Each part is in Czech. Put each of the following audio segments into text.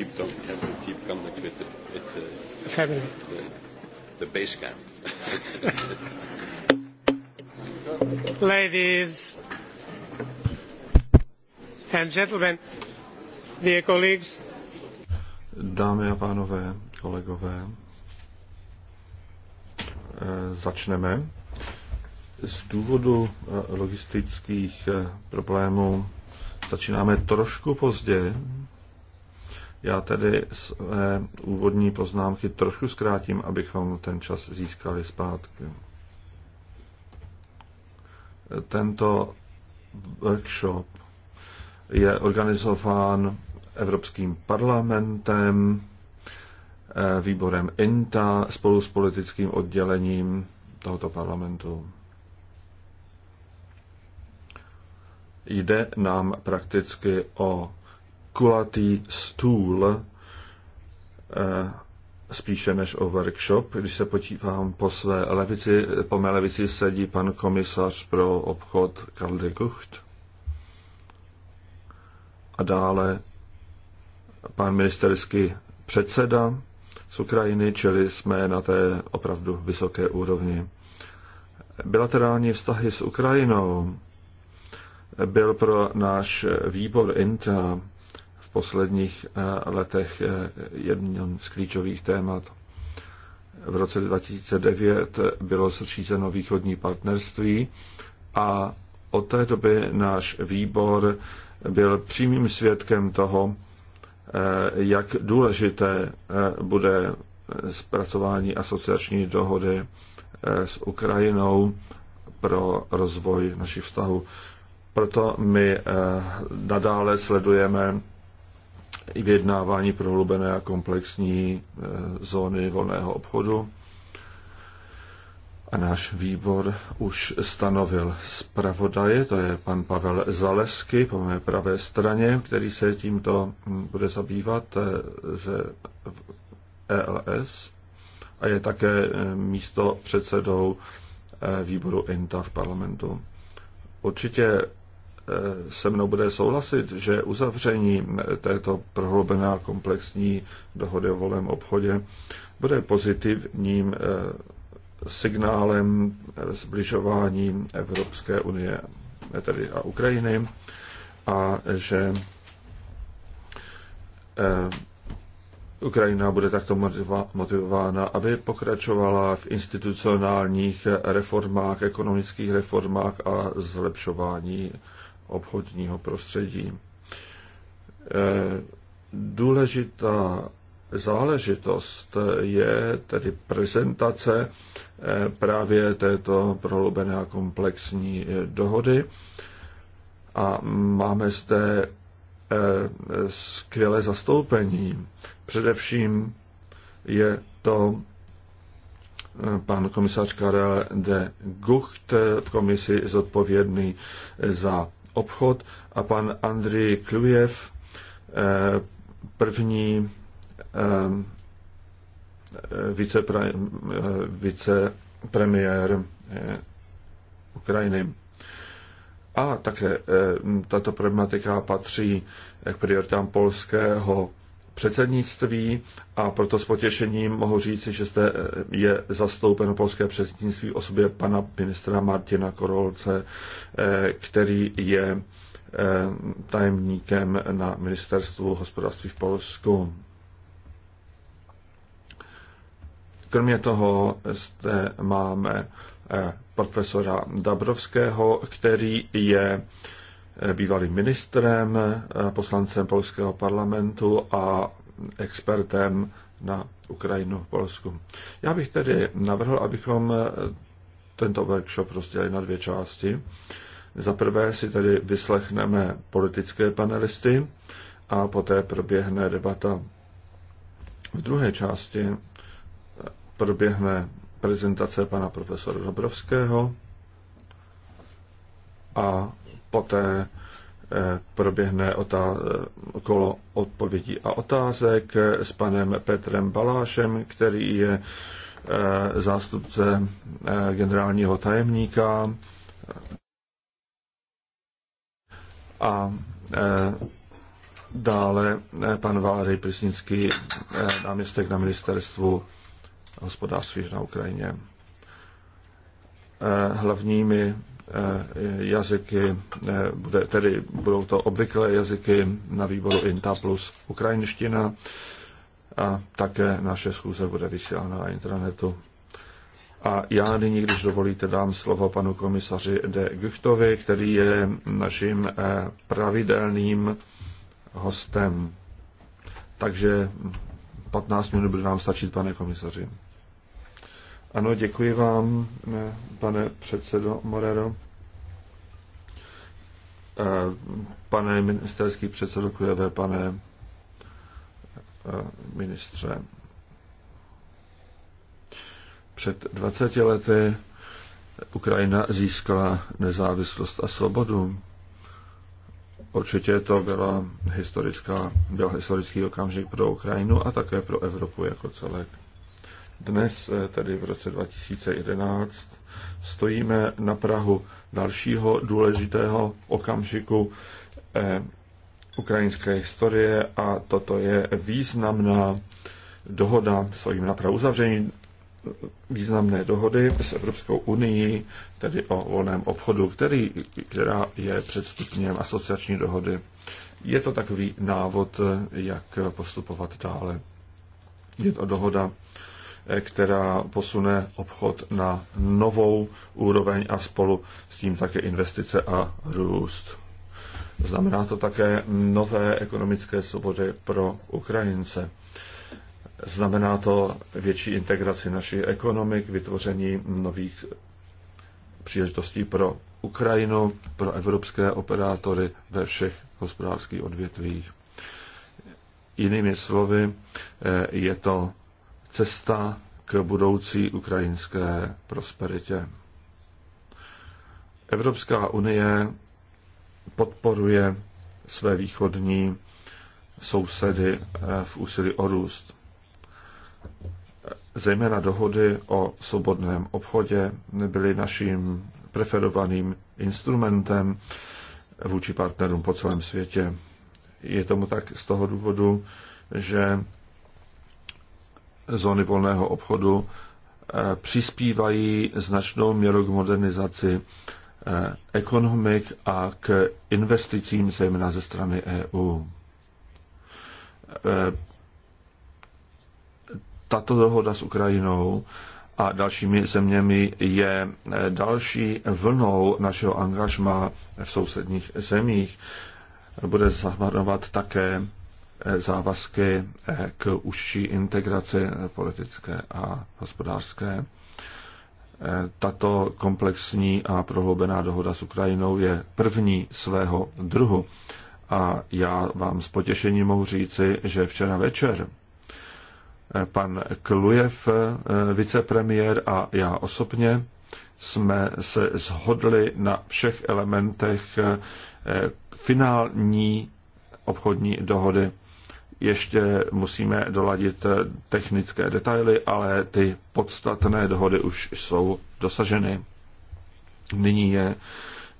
keep talking have to keep coming up with, with uh, The, the base camp. Ladies and gentlemen, dear colleagues. Dámy a pánové, kolegové, eh, začneme. Z důvodu eh, logistických eh, problémů začínáme trošku pozdě, já tedy své úvodní poznámky trošku zkrátím, abychom ten čas získali zpátky. Tento workshop je organizován Evropským parlamentem, eh, výborem INTA spolu s politickým oddělením tohoto parlamentu. Jde nám prakticky o kulatý stůl eh, spíše než o workshop. Když se podívám po své levici, po mé levici sedí pan komisař pro obchod Karl de Gucht a dále pan ministerský předseda z Ukrajiny, čili jsme na té opravdu vysoké úrovni. Bilaterální vztahy s Ukrajinou byl pro náš výbor INTA posledních eh, letech eh, jedním z klíčových témat. V roce 2009 bylo zřízeno východní partnerství a od té doby náš výbor byl přímým svědkem toho, eh, jak důležité bude zpracování asociační dohody s Ukrajinou pro rozvoj našich vztahů. Proto my nadále sledujeme i vyjednávání prohlubené a komplexní e, zóny volného obchodu. A náš výbor už stanovil zpravodaje, to je pan Pavel Zalesky po mé pravé straně, který se tímto bude zabývat e, ze ELS a je také e, místo předsedou výboru INTA v parlamentu. Určitě Eh, se mnou bude souhlasit, že uzavření této a komplexní dohody o volném obchodě bude pozitivním eh, signálem zbližování Evropské unie tedy a Ukrajiny a že eh, Ukrajina bude takto motivována, aby pokračovala v institucionálních reformách, ekonomických reformách a zlepšování obchodního prostředí. E, důležitá záležitost je tedy prezentace e, právě této prohlubené a komplexní e, dohody. A máme zde skvělé zastoupení. Především je to pan komisař Karel de Gucht v komisi zodpovědný za obchod a pan Andrej Klujev, eh, první eh, vicepre, eh, vicepremiér Ukrajiny. A také tato problematika patří k prioritám polského předsednictví a proto s potěšením mohu říci, že zde eh, je zastoupeno polské předsednictví osobě pana ministra Martina Korolce, eh, který je eh, tajemníkem na ministerstvu hospodářství v Polsku. Kromě toho zde máme profesora Dabrovského, který je bývalým ministrem, poslancem polského parlamentu a expertem na Ukrajinu v Polsku. Já bych tedy navrhl, abychom tento workshop rozdělili na dvě části. Za prvé si tedy vyslechneme politické panelisty a poté proběhne debata. V druhé části proběhne prezentace pana profesora Dobrovského a poté eh, proběhne otá- eh, kolo odpovědí a otázek eh, s panem Petrem Balášem, který je zástupce generálního tajemníka a dále pan Válery Prisnický, náměstek na ministerstvu hospodářství na Ukrajině. Hlavními Eh, jazyky, eh, bude, tedy budou to obvyklé jazyky na výboru INTA plus ukrajinština a také naše schůze bude vysílána na internetu. A já nyní, když dovolíte, dám slovo panu komisaři De Guchtovi, který je naším eh, pravidelným hostem. Takže 15 minut bude nám stačit, pane komisaři. Ano, děkuji vám, pane předsedo Morero. Eh, pane ministerský předsedo Kujeve, pane eh, ministře. Před 20 lety Ukrajina získala nezávislost a svobodu. Určitě to byla historická, byl historický okamžik pro Ukrajinu a také pro Evropu jako celek. Dnes, eh, tedy v roce 2011, stojíme na Prahu dalšího důležitého okamžiku eh, ukrajinské historie a toto je významná dohoda, stojíme na Prahu uzavření eh, významné dohody s Evropskou unii, tedy o volném obchodu, který, která je předstupněm asociační dohody. Je to takový návod, jak postupovat dále. Je to dohoda, která posune obchod na novou úroveň a spolu s tím také investice a růst. Znamená to také nové ekonomické svobody pro Ukrajince. Znamená to větší integraci našich ekonomik, vytvoření nových příležitostí pro Ukrajinu, pro evropské operátory ve všech hospodářských odvětvích. Jinými slovy, je to cesta k budoucí ukrajinské prosperitě. Evropská unie podporuje své východní sousedy eh, v úsilí o růst. Zejména dohody o svobodném obchodě byly naším preferovaným instrumentem vůči partnerům po celém světě. Je tomu tak z toho důvodu, že zóny volného obchodu eh, přispívají značnou měru k modernizaci eh, ekonomik a k investicím zejména ze strany EU. Eh, tato dohoda s Ukrajinou a dalšími zeměmi je další vlnou našeho angažma v sousedních zemích. Bude zahrnovat také závazky eh, k užší integraci eh, politické a hospodářské. Eh, tato komplexní a prohloubená dohoda s Ukrajinou je první svého druhu. A já vám s potěšením mohu říci, že včera večer pan Klujev, vicepremiér a já osobně jsme se shodli na všech elementech finální obchodní dohody ještě musíme doladit technické detaily, ale ty podstatné dohody už jsou dosaženy. Nyní je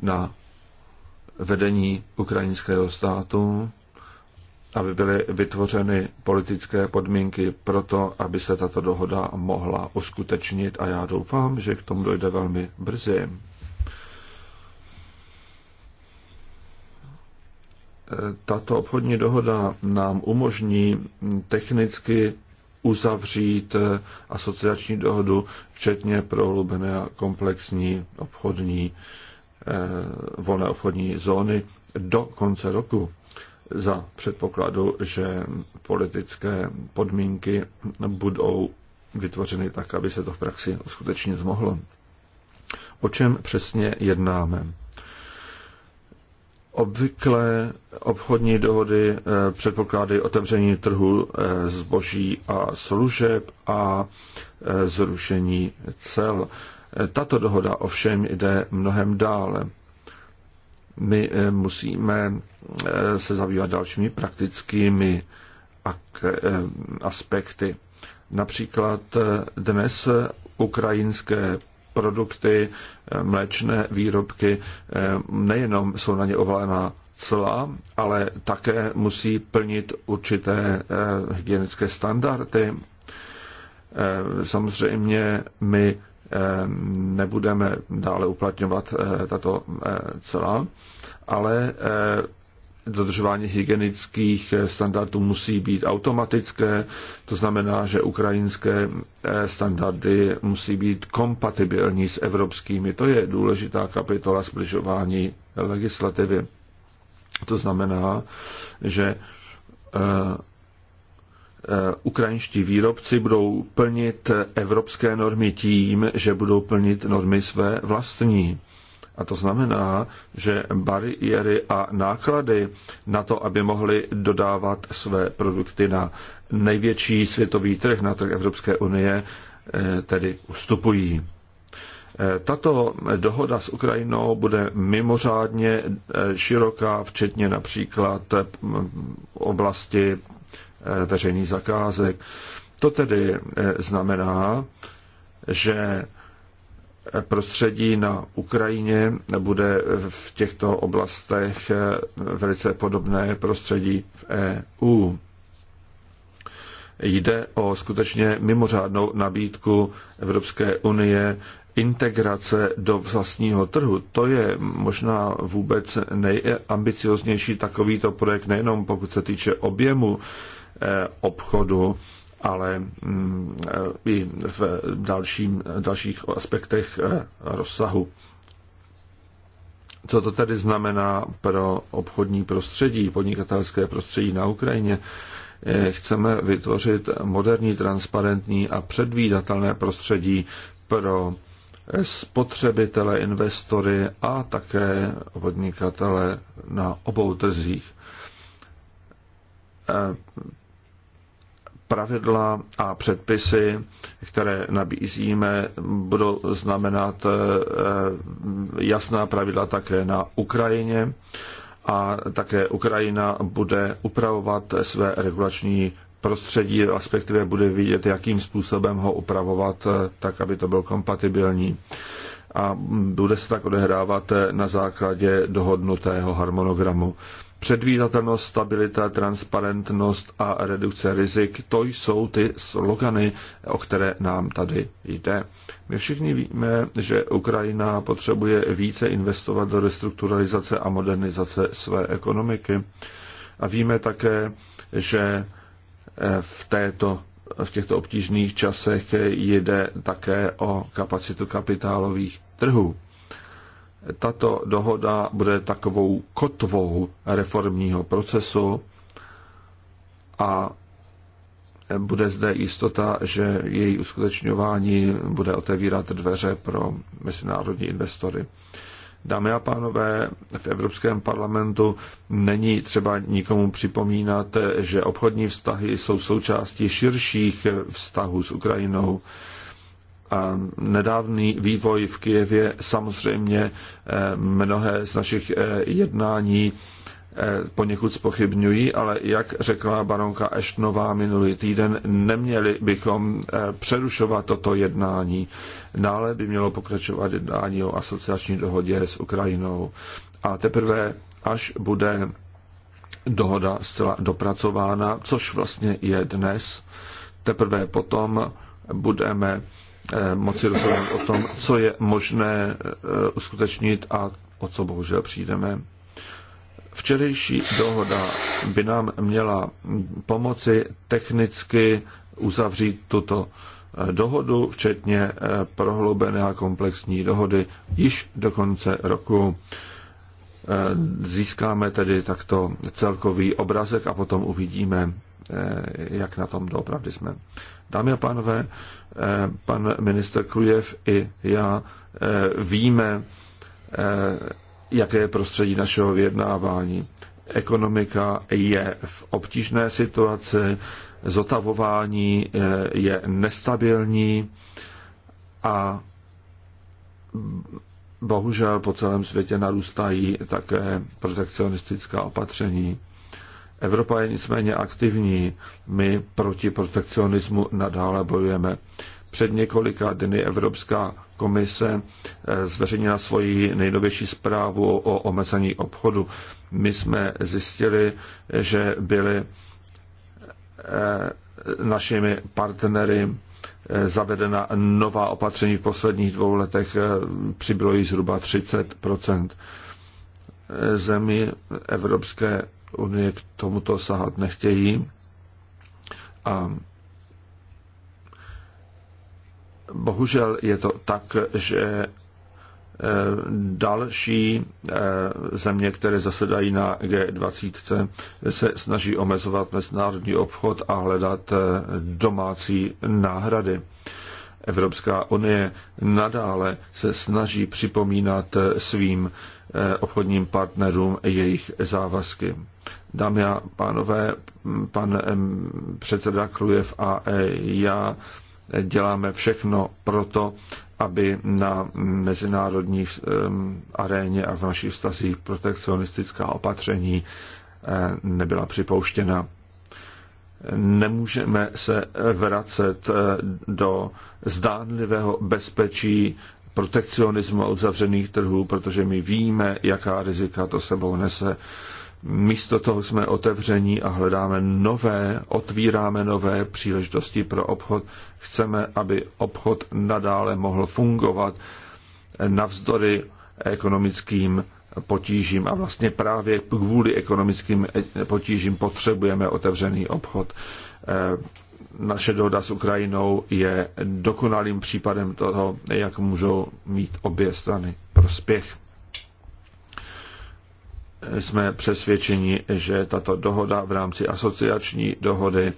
na vedení ukrajinského státu, aby byly vytvořeny politické podmínky pro to, aby se tato dohoda mohla uskutečnit a já doufám, že k tomu dojde velmi brzy. tato obchodní dohoda nám umožní technicky uzavřít asociační dohodu, včetně prohlubené a komplexní obchodní eh, volné obchodní zóny do konce roku za předpokladu, že politické podmínky budou vytvořeny tak, aby se to v praxi skutečně zmohlo. O čem přesně jednáme? Obvykle obchodní dohody eh, předpokládají otevření trhu eh, zboží a služeb a eh, zrušení cel. Tato dohoda ovšem jde mnohem dále. My musíme se zabývat dalšími praktickými aspekty. Například dnes ukrajinské produkty, eh, mléčné výrobky, eh, nejenom jsou na ně ovalená cla, ale také musí plnit určité eh, hygienické standardy. Samozřejmě my nebudeme dále uplatňovat tato celá, ale dodržování hygienických eh, standardů musí být automatické, to znamená, že ukrajinské eh, standardy musí být kompatibilní s evropskými. To je důležitá kapitola zbližování legislativy. To znamená, že eh, ukrajinští výrobci budou plnit evropské normy tím, že budou plnit normy své vlastní. A to znamená, že bariéry a náklady na to, aby mohli dodávat své produkty na největší světový trh, na trh Evropské unie, eh, tedy ustupují. Eh, tato dohoda s Ukrajinou bude mimořádně eh, široká, včetně například oblasti veřejných zakázek. To tedy znamená, že prostředí na Ukrajině bude v těchto oblastech velice podobné prostředí v EU. Jde o skutečně mimořádnou nabídku Evropské unie integrace do vlastního trhu. To je možná vůbec nejambicioznější takovýto projekt, nejenom pokud se týče objemu eh, obchodu, ale mm, e, i v dalším, dalších aspektech e, rozsahu. Co to tedy znamená pro obchodní prostředí, podnikatelské prostředí na Ukrajině? E, chceme vytvořit moderní, transparentní a předvídatelné prostředí pro spotřebitele, investory a také podnikatele na obou trzích pravidla a předpisy, které nabízíme, budou znamenat eh, jasná pravidla také na Ukrajině a také Ukrajina bude upravovat své regulační prostředí, respektive bude vidět, jakým způsobem ho upravovat, eh, tak aby to bylo kompatibilní. A bude se tak odehrávat eh, na základě dohodnutého harmonogramu předvídatelnost, stabilita, transparentnost a redukce rizik. To jsou ty slogany, o které nám tady jde. My všichni víme, že Ukrajina potřebuje více investovat do restrukturalizace a modernizace své ekonomiky. A víme také, že eh, v, této, v těchto obtížných časech jde také o kapacitu kapitálových trhů tato dohoda bude takovou kotvou reformního procesu a bude zde jistota, že její uskutečňování bude otevírat dveře pro mezinárodní investory. Dámy a pánové, v Evropském parlamentu není třeba nikomu připomínat, že obchodní vztahy jsou součástí širších vztahů s Ukrajinou. Hmm a nedávný vývoj v Kijevě samozřejmě eh, mnohé z našich eh, jednání eh, poněkud spochybňují, ale jak řekla baronka Eštnová minulý týden, neměli bychom přerušovat toto jednání. Dále by mělo pokračovat jednání o asociační dohodě s Ukrajinou. A teprve, až bude dohoda zcela dopracována, což vlastně je dnes, teprve potom budeme Eh, moci rozhodnout o tom, co je možné eh, uskutečnit a o co bohužel přijdeme. Včerejší dohoda by nám měla pomoci technicky uzavřít tuto eh, dohodu, včetně prohloubené a komplexní dohody již do konce roku. Získáme tedy takto celkový obrazek a potom uvidíme, jak na tom doopravdy jsme. Dámy a pánové, Eh, pan minister Krujev i já eh, víme, eh, jaké je prostředí našeho vyjednávání. Ekonomika je v obtížné situaci, zotavování je nestabilní a bohužel po celém světě narůstají také protekcionistická opatření. Evropa je nicméně aktivní. My proti protekcionismu nadále bojujeme. Před několika dny Evropská komise eh, zveřejnila svoji nejnovější zprávu o omezení obchodu. My jsme zjistili, že byly eh, našimi partnery eh, zavedena nová opatření v posledních dvou letech, přibylo jí zhruba 30 zemí Evropské unie k tomuto sahat nechtějí. A bohužel je to tak, že eh, další eh, země, které zasedají na G20, se snaží omezovat mezinárodní obchod a hledat eh, domácí náhrady. Evropská unie nadále se snaží připomínat svým obchodním partnerům jejich závazky. Dámy a pánové, pan předseda Klujev a e, já děláme všechno proto, aby na mezinárodní aréně a v našich stazích protekcionistická opatření e, nebyla připouštěna. Nemůžeme se vracet e, do zdánlivého bezpečí protekcionismu a uzavřených trhů, protože my víme, jaká rizika to sebou nese. Místo toho jsme otevření a hledáme nové, otvíráme nové příležitosti pro obchod. Chceme, aby obchod nadále mohl fungovat navzdory ekonomickým potížím a vlastně právě kvůli ekonomickým potížím potřebujeme otevřený obchod. Eh, naše dohoda s Ukrajinou je dokonalým případem toho, jak můžou mít obě strany prospěch jsme přesvědčeni, že tato dohoda v rámci asociační dohody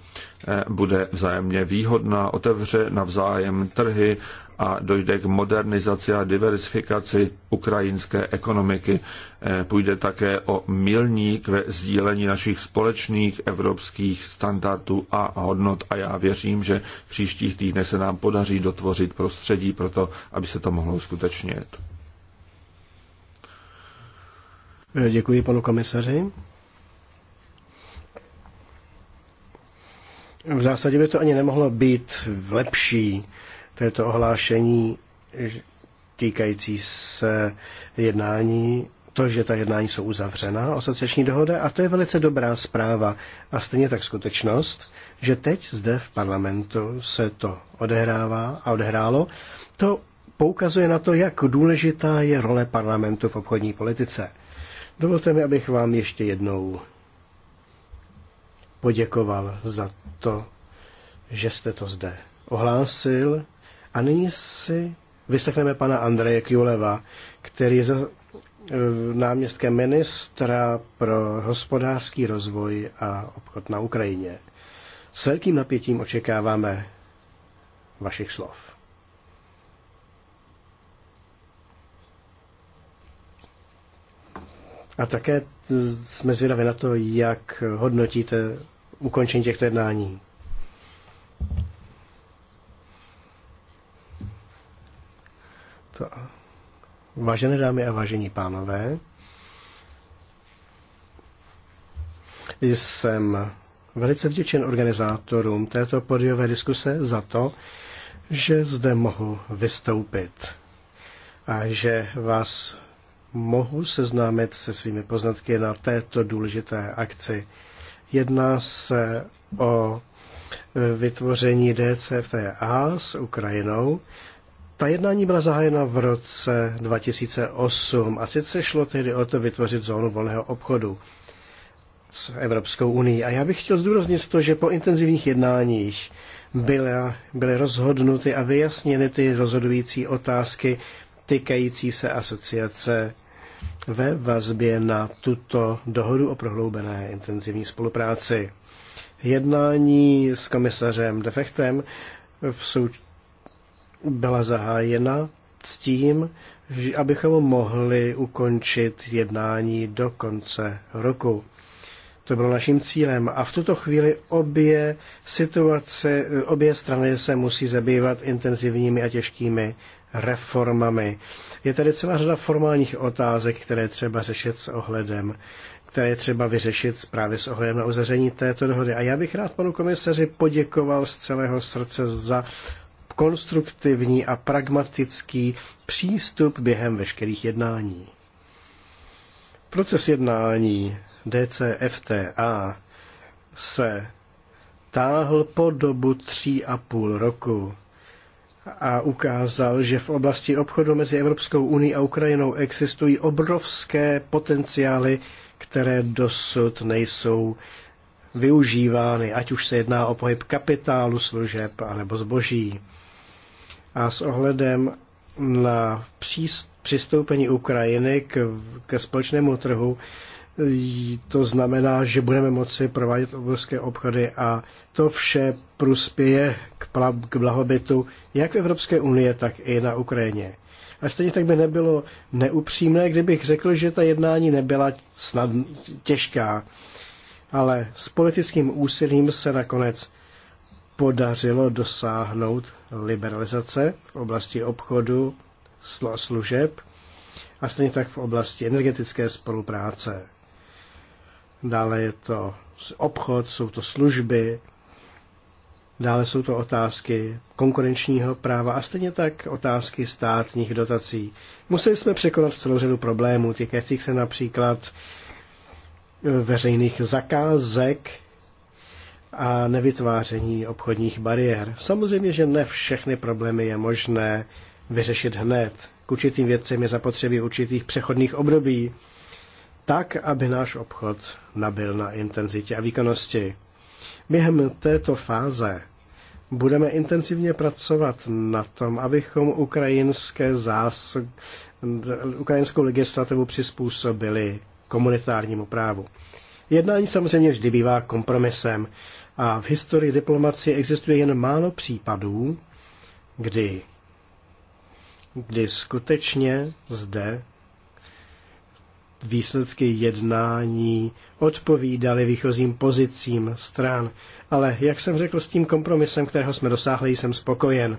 eh, bude vzájemně výhodná, otevře navzájem trhy a dojde k modernizaci a diversifikaci ukrajinské ekonomiky. Eh, půjde také o milník ve sdílení našich společných evropských standardů a hodnot a já věřím, že v příštích týdnech se nám podaří dotvořit prostředí pro to, aby se to mohlo uskutečnit. Eh, děkuji panu komisaři. V zásadě by to ani nemohlo být lepší, této ohlášení eh, týkající se jednání, to, že ta jednání jsou uzavřena, asociační dohoda, a to je velice dobrá zpráva. A stejně tak skutečnost, že teď zde v parlamentu se to odehrává a odehrálo, to poukazuje na to, jak důležitá je role parlamentu v obchodní politice. Dovolte mi, abych vám ještě jednou poděkoval za to, že jste to zde ohlásil. A nyní si vyslechneme pana Andreje Kjuleva, který je e, náměstkem ministra pro hospodářský rozvoj a obchod na Ukrajině. S velkým napětím očekáváme vašich slov. A také jsme zvědavi na to, jak hodnotíte ukončení těchto jednání. To. Vážené dámy a vážení pánové, jsem velice vděčen organizátorům této podiové diskuse za to, že zde mohu vystoupit a že vás mohu seznámit se svými poznatky na této důležité akci. Jedná se o vytvoření DCFTA s Ukrajinou. Ta jednání byla zahájena v roce 2008 a sice šlo tehdy o to vytvořit zónu volného obchodu s Evropskou unii. A já bych chtěl zdůraznit to, že po intenzivních jednáních byly, byly rozhodnuty a vyjasněny ty rozhodující otázky týkající se asociace ve vazbě na tuto dohodu o prohloubené intenzivní spolupráci. Jednání s komisařem Defechtem v sou... byla zahájena s tím, abychom mohli ukončit jednání do konce roku. To bylo naším cílem. A v tuto chvíli obě situace, obě strany se musí zabývat intenzivními a těžkými reformami. Je tady celá řada formálních otázek, které třeba řešit s ohledem které je třeba vyřešit právě s ohledem na uzavření této dohody. A já bych rád panu komisaři poděkoval z celého srdce za konstruktivní a pragmatický přístup během veškerých jednání. Proces jednání DCFTA se táhl po dobu tří a půl roku a ukázal, že v oblasti obchodu mezi Evropskou unii a Ukrajinou existují obrovské potenciály, které dosud nejsou využívány, ať už se jedná o pohyb kapitálu, služeb anebo zboží. A s ohledem na přistoupení Ukrajiny k, ke společnému trhu to znamená, že budeme moci provádět obrovské obchody a to vše prospěje k, k blahobytu jak v Evropské unii, tak i na Ukrajině. A stejně tak by nebylo neupřímné, kdybych řekl, že ta jednání nebyla snad těžká. Ale s politickým úsilím se nakonec podařilo dosáhnout liberalizace v oblasti obchodu, služeb a stejně tak v oblasti energetické spolupráce dále je to obchod, jsou to služby, dále jsou to otázky konkurenčního práva a stejně tak otázky státních dotací. Museli jsme překonat celou řadu problémů, týkajících se například eh, veřejných zakázek a nevytváření obchodních bariér. Samozřejmě, že ne všechny problémy je možné vyřešit hned. K určitým věcem je zapotřebí určitých přechodných období, tak, aby náš obchod nabil na intenzitě a výkonnosti. Během této fáze budeme intenzivně pracovat na tom, abychom ukrajinské zás... ukrajinskou legislativu přizpůsobili komunitárnímu právu. Jednání samozřejmě vždy bývá kompromisem a v historii diplomacie existuje jen málo případů, kdy, kdy skutečně zde výsledky jednání odpovídaly výchozím pozicím stran. Ale jak jsem řekl, s tím kompromisem, kterého jsme dosáhli, jsem spokojen.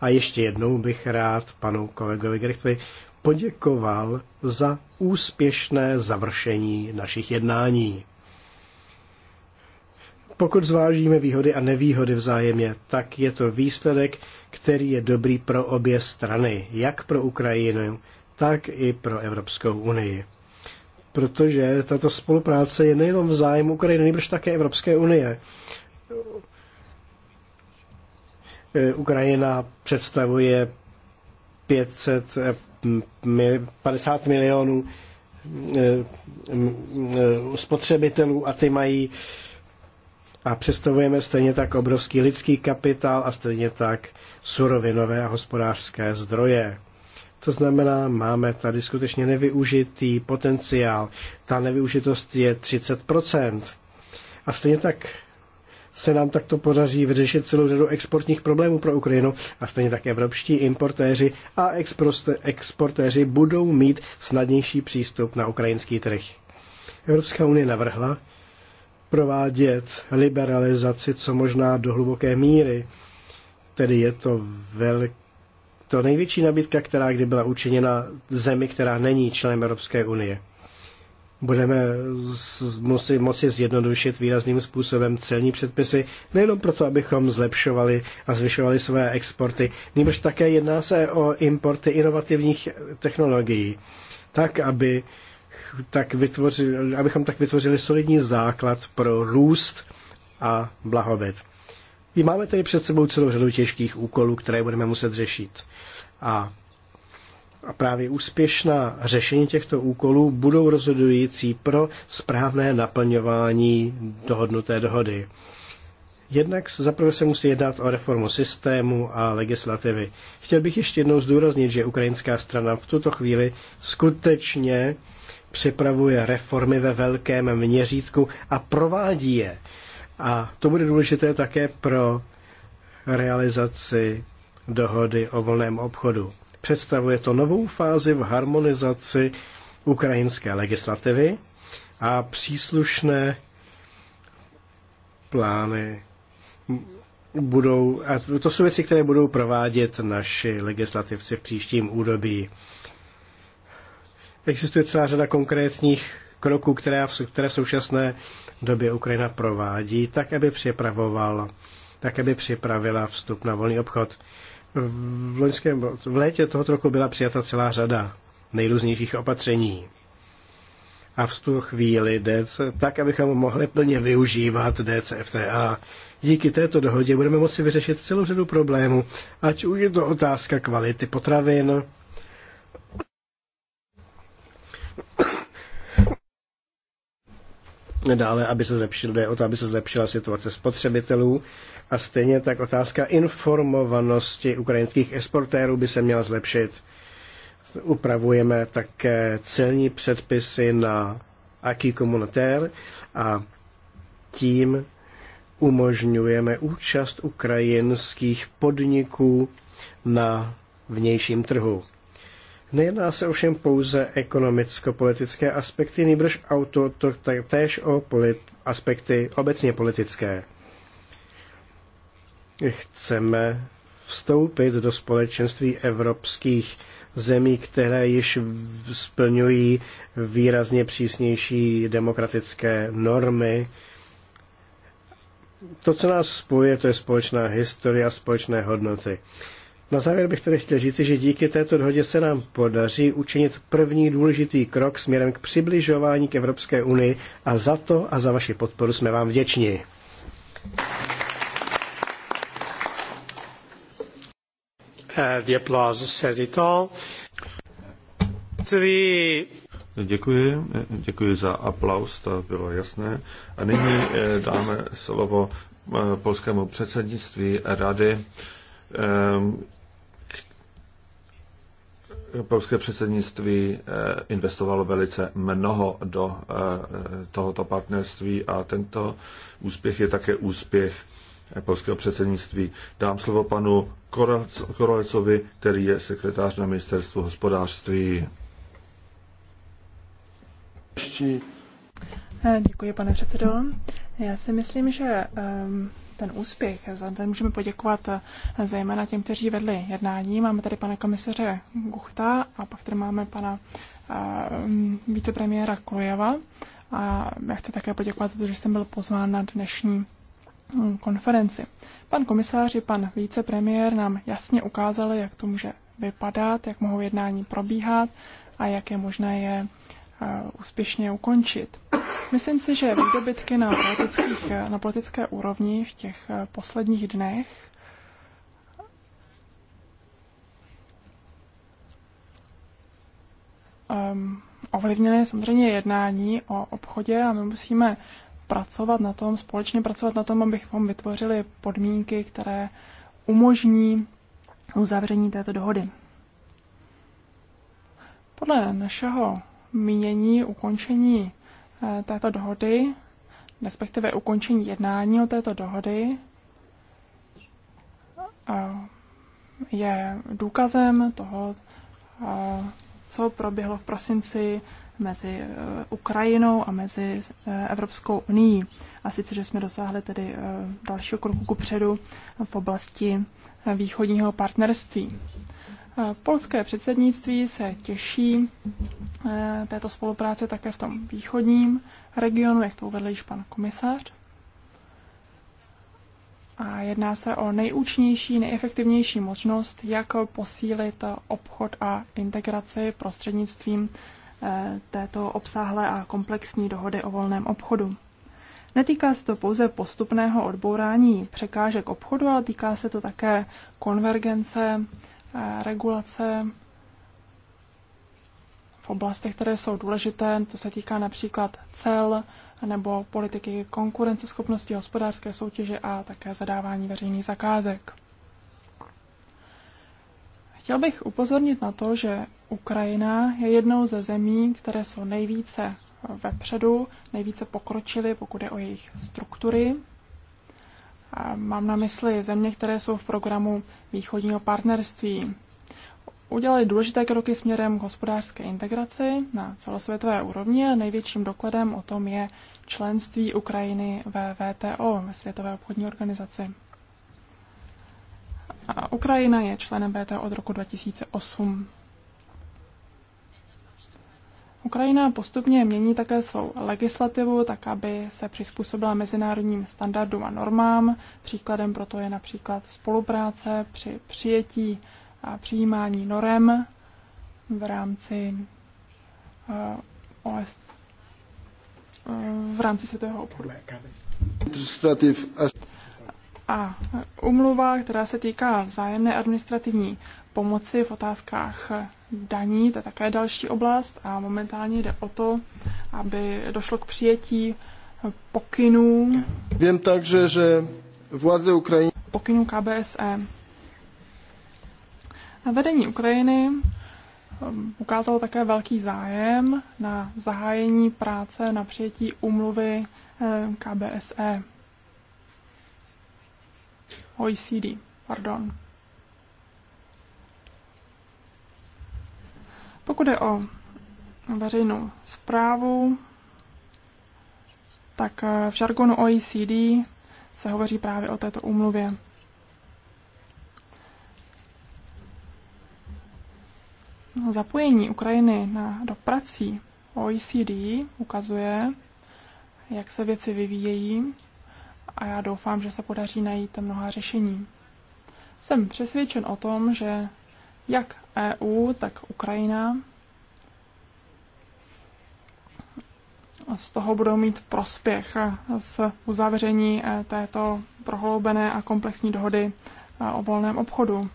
A ještě jednou bych rád panu kolegovi Grichtovi poděkoval za úspěšné završení našich jednání. Pokud zvážíme výhody a nevýhody vzájemně, tak je to výsledek, který je dobrý pro obě strany, jak pro Ukrajinu, tak i pro Evropskou unii protože tato spolupráce je nejenom v zájmu Ukrajiny, nebož také Evropské unie. E, Ukrajina představuje 500, 50 e, milionů e, spotřebitelů a ty mají a představujeme stejně tak obrovský lidský kapitál a stejně tak surovinové a hospodářské zdroje. To znamená, máme tady skutečně nevyužitý potenciál. Ta nevyužitost je 30%. A stejně tak se nám takto podaří vyřešit celou řadu exportních problémů pro Ukrajinu a stejně tak evropští importéři a exportéři budou mít snadnější přístup na ukrajinský trh. Evropská unie navrhla provádět liberalizaci co možná do hluboké míry, tedy je to velký to největší nabídka, která kdy byla učiněna zemi, která není členem Evropské unie. Budeme moci, moci zjednodušit výrazným způsobem celní předpisy, nejenom proto, abychom zlepšovali a zvyšovali své exporty, nebož také jedná se o importy inovativních technologií, tak, aby, tak vytvořili, abychom tak vytvořili solidní základ pro růst a blahobyt. Máme tedy před sebou celou řadu těžkých úkolů, které budeme muset řešit. A, a právě úspěšná řešení těchto úkolů budou rozhodující pro správné naplňování dohodnuté dohody. Jednak zaprvé se musí jednat o reformu systému a legislativy. Chtěl bych ještě jednou zdůraznit, že ukrajinská strana v tuto chvíli skutečně připravuje reformy ve velkém měřítku a provádí je. A to bude důležité také pro realizaci dohody o volném obchodu. Představuje to novou fázi v harmonizaci ukrajinské legislativy a příslušné plány budou, a to jsou věci, které budou provádět naši legislativci v příštím údobí. Existuje celá řada konkrétních kroků, které, které v současné době Ukrajina provádí, tak aby připravoval, tak aby připravila vstup na volný obchod. V, loňském, v létě tohoto roku byla přijata celá řada nejrůznějších opatření. A v tu chvíli DC, tak, abychom mohli plně využívat DCFTA. Díky této dohodě budeme moci vyřešit celou řadu problémů, ať už je to otázka kvality potravin, dále, aby se zlepšil, jde o to, aby se zlepšila situace spotřebitelů a stejně tak otázka informovanosti ukrajinských exportérů by se měla zlepšit. Upravujeme také celní předpisy na aký komunitér a tím umožňujeme účast ukrajinských podniků na vnějším trhu. Nejedná se ovšem pouze ekonomicko-politické aspekty, nýbrž auto to též o polit, aspekty obecně politické. Chceme vstoupit do společenství evropských zemí, které již splňují výrazně přísnější demokratické normy. To, co nás spojuje, to je společná historie a společné hodnoty. Na závěr bych tedy chtěl říci, že díky této dohodě se nám podaří učinit první důležitý krok směrem k přibližování k Evropské unii a za to a za vaši podporu jsme vám vděční. Uh, the applause says it all. To the... Děkuji, děkuji za aplaus, to bylo jasné. A nyní eh, dáme slovo eh, polskému předsednictví rady. Ehm, polské předsednictví eh, investovalo velice mnoho do eh, tohoto partnerství a tento úspěch je také úspěch eh, polského předsednictví. Dám slovo panu Korolecovi, který je sekretář na ministerstvu hospodářství. Děkuji, pane předsedo. Já si myslím, že ehm, ten úspěch. Za ten můžeme poděkovat eh, zejména těm, kteří vedli jednání. Máme tady pana komisaře Guchta a pak tady máme pana eh, mm, vicepremiéra Kolojeva. A já chci také poděkovat za to, že jsem byl pozván na dnešní mm, konferenci. Pan komisář i pan vicepremiér nám jasně ukázali, jak to může vypadat, jak mohou jednání probíhat a jak je možné je Eh, úspěšně ukončit. Myslím si, že výdobytky na, politických, eh, na politické úrovni v těch eh, posledních dnech um, ovlivnily samozřejmě jednání o obchodě a my musíme pracovat na tom, společně pracovat na tom, abychom vytvořili podmínky, které umožní uzavření této dohody. Podle našeho mínění ukončení eh, této dohody, respektive ukončení jednání o této dohody, eh, je důkazem toho, eh, co proběhlo v prosinci mezi Ukrajinou a mezi Evropskou unii. A sice, že jsme dosáhli tedy dalšího kroku ku předu v oblasti východního partnerství. Polské předsednictví se těší eh, této spolupráce také v tom východním regionu, jak to uvedl již pan komisař. A jedná se o nejúčnější, nejefektivnější možnost, jak posílit obchod a integraci prostřednictvím eh, této obsáhlé a komplexní dohody o volném obchodu. Netýká se to pouze postupného odbourání překážek obchodu, ale týká se to také konvergence Eh, regulace v oblastech, které jsou důležité. To se týká například cel nebo politiky konkurenceschopnosti, hospodářské soutěže a také zadávání veřejných zakázek. Chtěl bych upozornit na to, že Ukrajina je jednou ze zemí, které jsou nejvíce vepředu, nejvíce pokročily, pokud je o jejich struktury Mám na mysli země, které jsou v programu východního partnerství. Udělali důležité kroky směrem k hospodářské integraci na celosvětové úrovni a největším dokladem o tom je členství Ukrajiny ve VTO, ve Světové obchodní organizaci. A Ukrajina je členem VTO od roku 2008. Ukrajina postupně mění také svou legislativu, tak aby se přizpůsobila mezinárodním standardům a normám. Příkladem proto je například spolupráce při přijetí a přijímání norem v rámci uh, eh, OS, uh, v rámci světového obchodu. A umluva, která se týká vzájemné administrativní pomoci v otázkách daní, to je také další oblast a momentálně jde o to, aby došlo k přijetí pokynů. Vím takže, že vládze Ukrajiny... Pokynů KBSE. A vedení Ukrajiny um, ukázalo také velký zájem na zahájení práce na přijetí umluvy eh, KBSE. OECD, pardon. Pokud je o veřejnou zprávu, tak eh, v žargonu OECD se hovoří právě o této úmluvě. Zapojení Ukrajiny na, do prací OECD ukazuje, jak se věci vyvíjejí a já doufám, že se podaří najít mnoha řešení. Jsem přesvědčen o tom, že jak EU, tak Ukrajina. Z toho budou mít prospěch z uzavření e, této prohloubené a komplexní dohody e, o volném obchodu.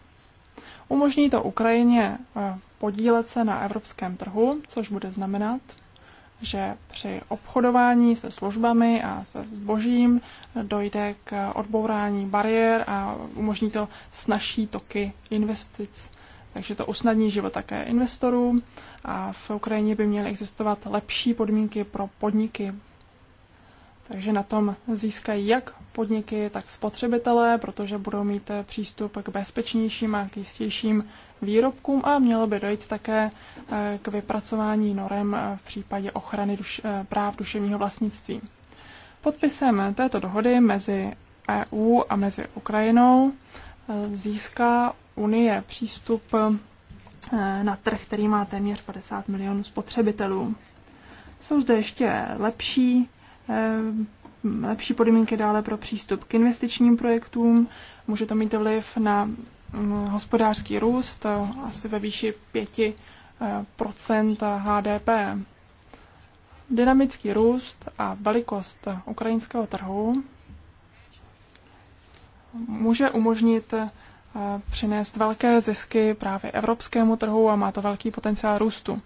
Umožní to Ukrajině e, podílet se na evropském trhu, což bude znamenat, že při obchodování se službami a se zbožím dojde k odbourání bariér a umožní to snažší toky investic takže to usnadní život také investorům a v Ukrajině by měly existovat lepší podmínky pro podniky. Takže na tom získají jak podniky, tak spotřebitelé, protože budou mít přístup k bezpečnějším a k jistějším výrobkům a mělo by dojít také eh, k vypracování norem eh, v případě ochrany duš- eh, práv duševního vlastnictví. Podpisem této dohody mezi EU a mezi Ukrajinou získá Unie přístup eh, na trh, který má téměř 50 milionů spotřebitelů. Jsou zde ještě lepší, eh, lepší podmínky dále pro přístup k investičním projektům. Může to mít vliv na mm, hospodářský růst eh, asi ve výši 5 HDP. Dynamický růst a velikost ukrajinského trhu může umožnit eh, přinést velké zisky právě evropskému trhu a má to velký potenciál růstu.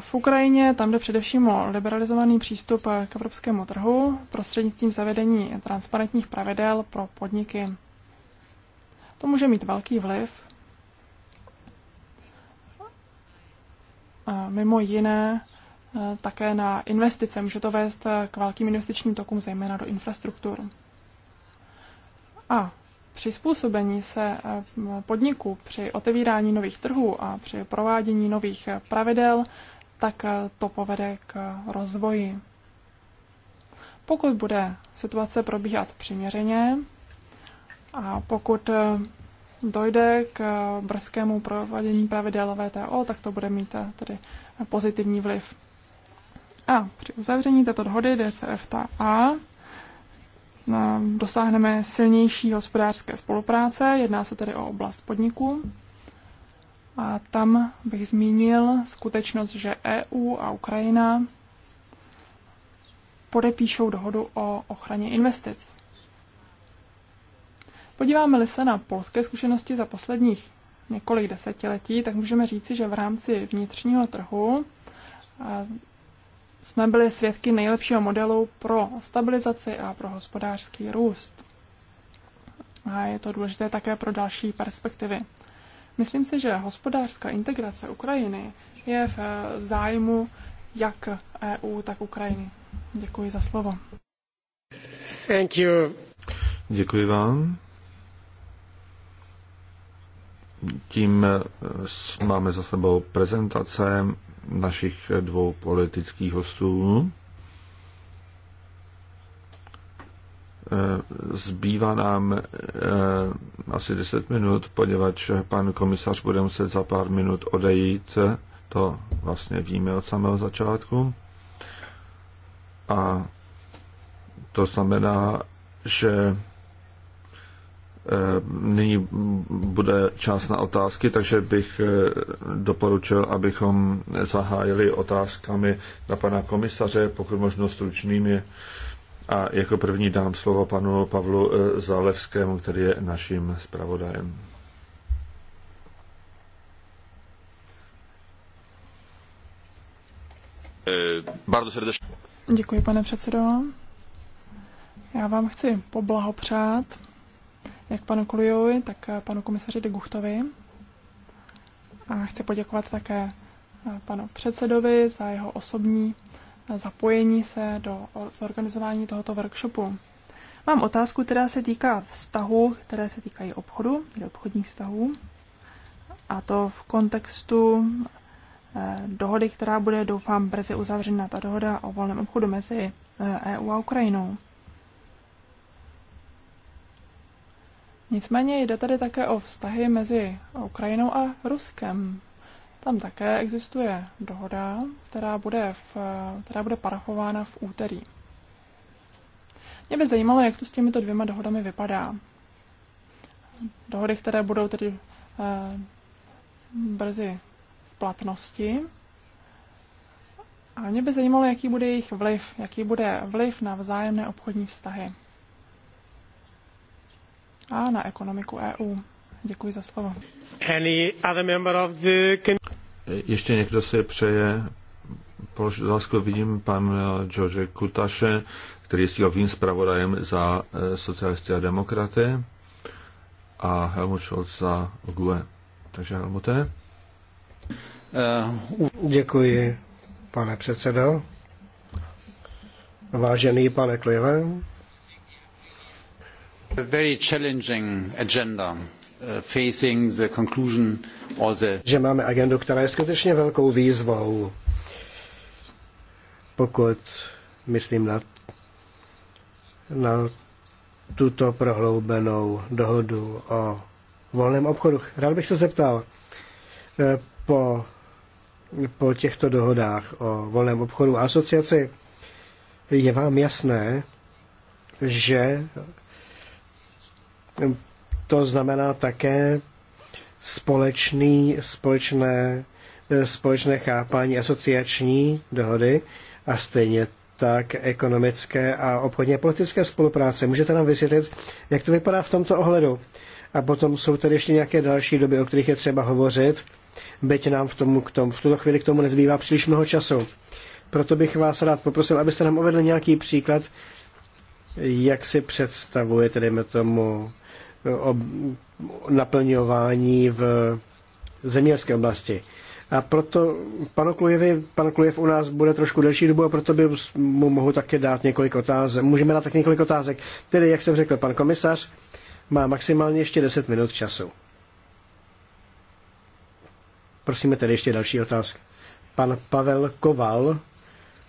V Ukrajině tam jde především o liberalizovaný přístup eh, k evropskému trhu prostřednictvím zavedení transparentních pravidel pro podniky. To může mít velký vliv. Mimo jiné eh, také na investice. Může to vést k velkým investičním tokům, zejména do infrastruktur. A přizpůsobení se eh, podniku při otevírání nových trhů a při provádění nových eh, pravidel, tak eh, to povede k rozvoji. Pokud bude situace probíhat přiměřeně a pokud dojde k brzkému provádění pravidel VTO, tak to bude mít tedy pozitivní vliv. A při uzavření této dohody DCFTA dosáhneme silnější hospodářské spolupráce. Jedná se tedy o oblast podniků. A tam bych zmínil skutečnost, že EU a Ukrajina podepíšou dohodu o ochraně investic. Podíváme-li se na polské zkušenosti za posledních několik desetiletí, tak můžeme říci, že v rámci vnitřního trhu jsme byli svědky nejlepšího modelu pro stabilizaci a pro hospodářský růst. A je to důležité také pro další perspektivy. Myslím si, že hospodářská integrace Ukrajiny je v eh, zájmu jak EU, tak Ukrajiny. Děkuji za slovo. Thank you. Děkuji vám. Tím eh, máme za sebou prezentace našich dvou politických hostů. Eh, zbývá nám eh, asi 10 minut, poněvadž pan komisař bude muset za pár minut odejít. To vlastně víme od samého začátku. A to znamená, že Eh, nyní bude čas na otázky, takže bych eh, doporučil, abychom zahájili otázkami na pana komisaře, pokud možno stručnými. A jako první dám slovo panu Pavlu eh, Zálevskému, který je naším zpravodajem. Bardzo Děkuji, pane předsedo. Já vám chci poblahopřát jak panu Kulijovi, tak eh, panu komisaři de Guchtovi. A chci poděkovat také eh, panu předsedovi za jeho osobní eh, zapojení se do zorganizování tohoto workshopu. Mám otázku, která se týká vztahu, které se týkají obchodu, tedy obchodních vztahů, a to v kontextu dohody, která bude, doufám, brzy uzavřena, ta dohoda o volném obchodu mezi EU e a Ukrajinou. Nicméně jde tady také o vztahy mezi Ukrajinou a Ruskem. Tam také existuje dohoda, která bude, v, která bude parafována v úterý. Mě by zajímalo, jak to s těmito dvěma dohodami vypadá. Dohody, které budou tedy eh, brzy v platnosti. A mě by zajímalo, jaký bude jejich vliv, jaký bude vliv na vzájemné obchodní vztahy a na ekonomiku EU. Děkuji za slovo. Any other member of the... Ještě někdo si přeje položit otázku. Vidím pan eh, George Kutaše, který je stílovým zpravodajem za eh, socialisty a demokraty a Helmut Scholz za GUE. Takže Helmute. Eh, Děkuji, pane předsedo. Vážený pane Klive, a very challenging agenda. Uh, facing the conclusion the... Že máme agendu, která je skutečně velkou výzvou, pokud myslím na, na tuto prohloubenou dohodu o volném obchodu. Rád bych se zeptal, eh, po, po těchto dohodách o volném obchodu a asociaci, je vám jasné, že to znamená také společný, společné, eh, společné chápání asociační dohody a stejně tak ekonomické a obchodně politické spolupráce. Můžete nám vysvětlit, jak to vypadá v tomto ohledu? A potom jsou tady ještě nějaké další doby, o kterých je třeba hovořit, byť nám v, tomu, k tomu, v tuto chvíli k tomu nezbývá příliš mnoho času. Proto bych vás rád poprosil, abyste nám uvedli nějaký příklad, jak si představuje, tedy tomu, naplňování v zemědělské oblasti. A proto panu Klujevi, pan Klujev u nás bude trošku delší dobu a proto by mu mohu také dát několik otázek. Můžeme dát tak několik otázek. Tedy, jak jsem řekl, pan komisař má maximálně ještě 10 minut času. Prosíme tedy ještě další otázky. Pan Pavel Koval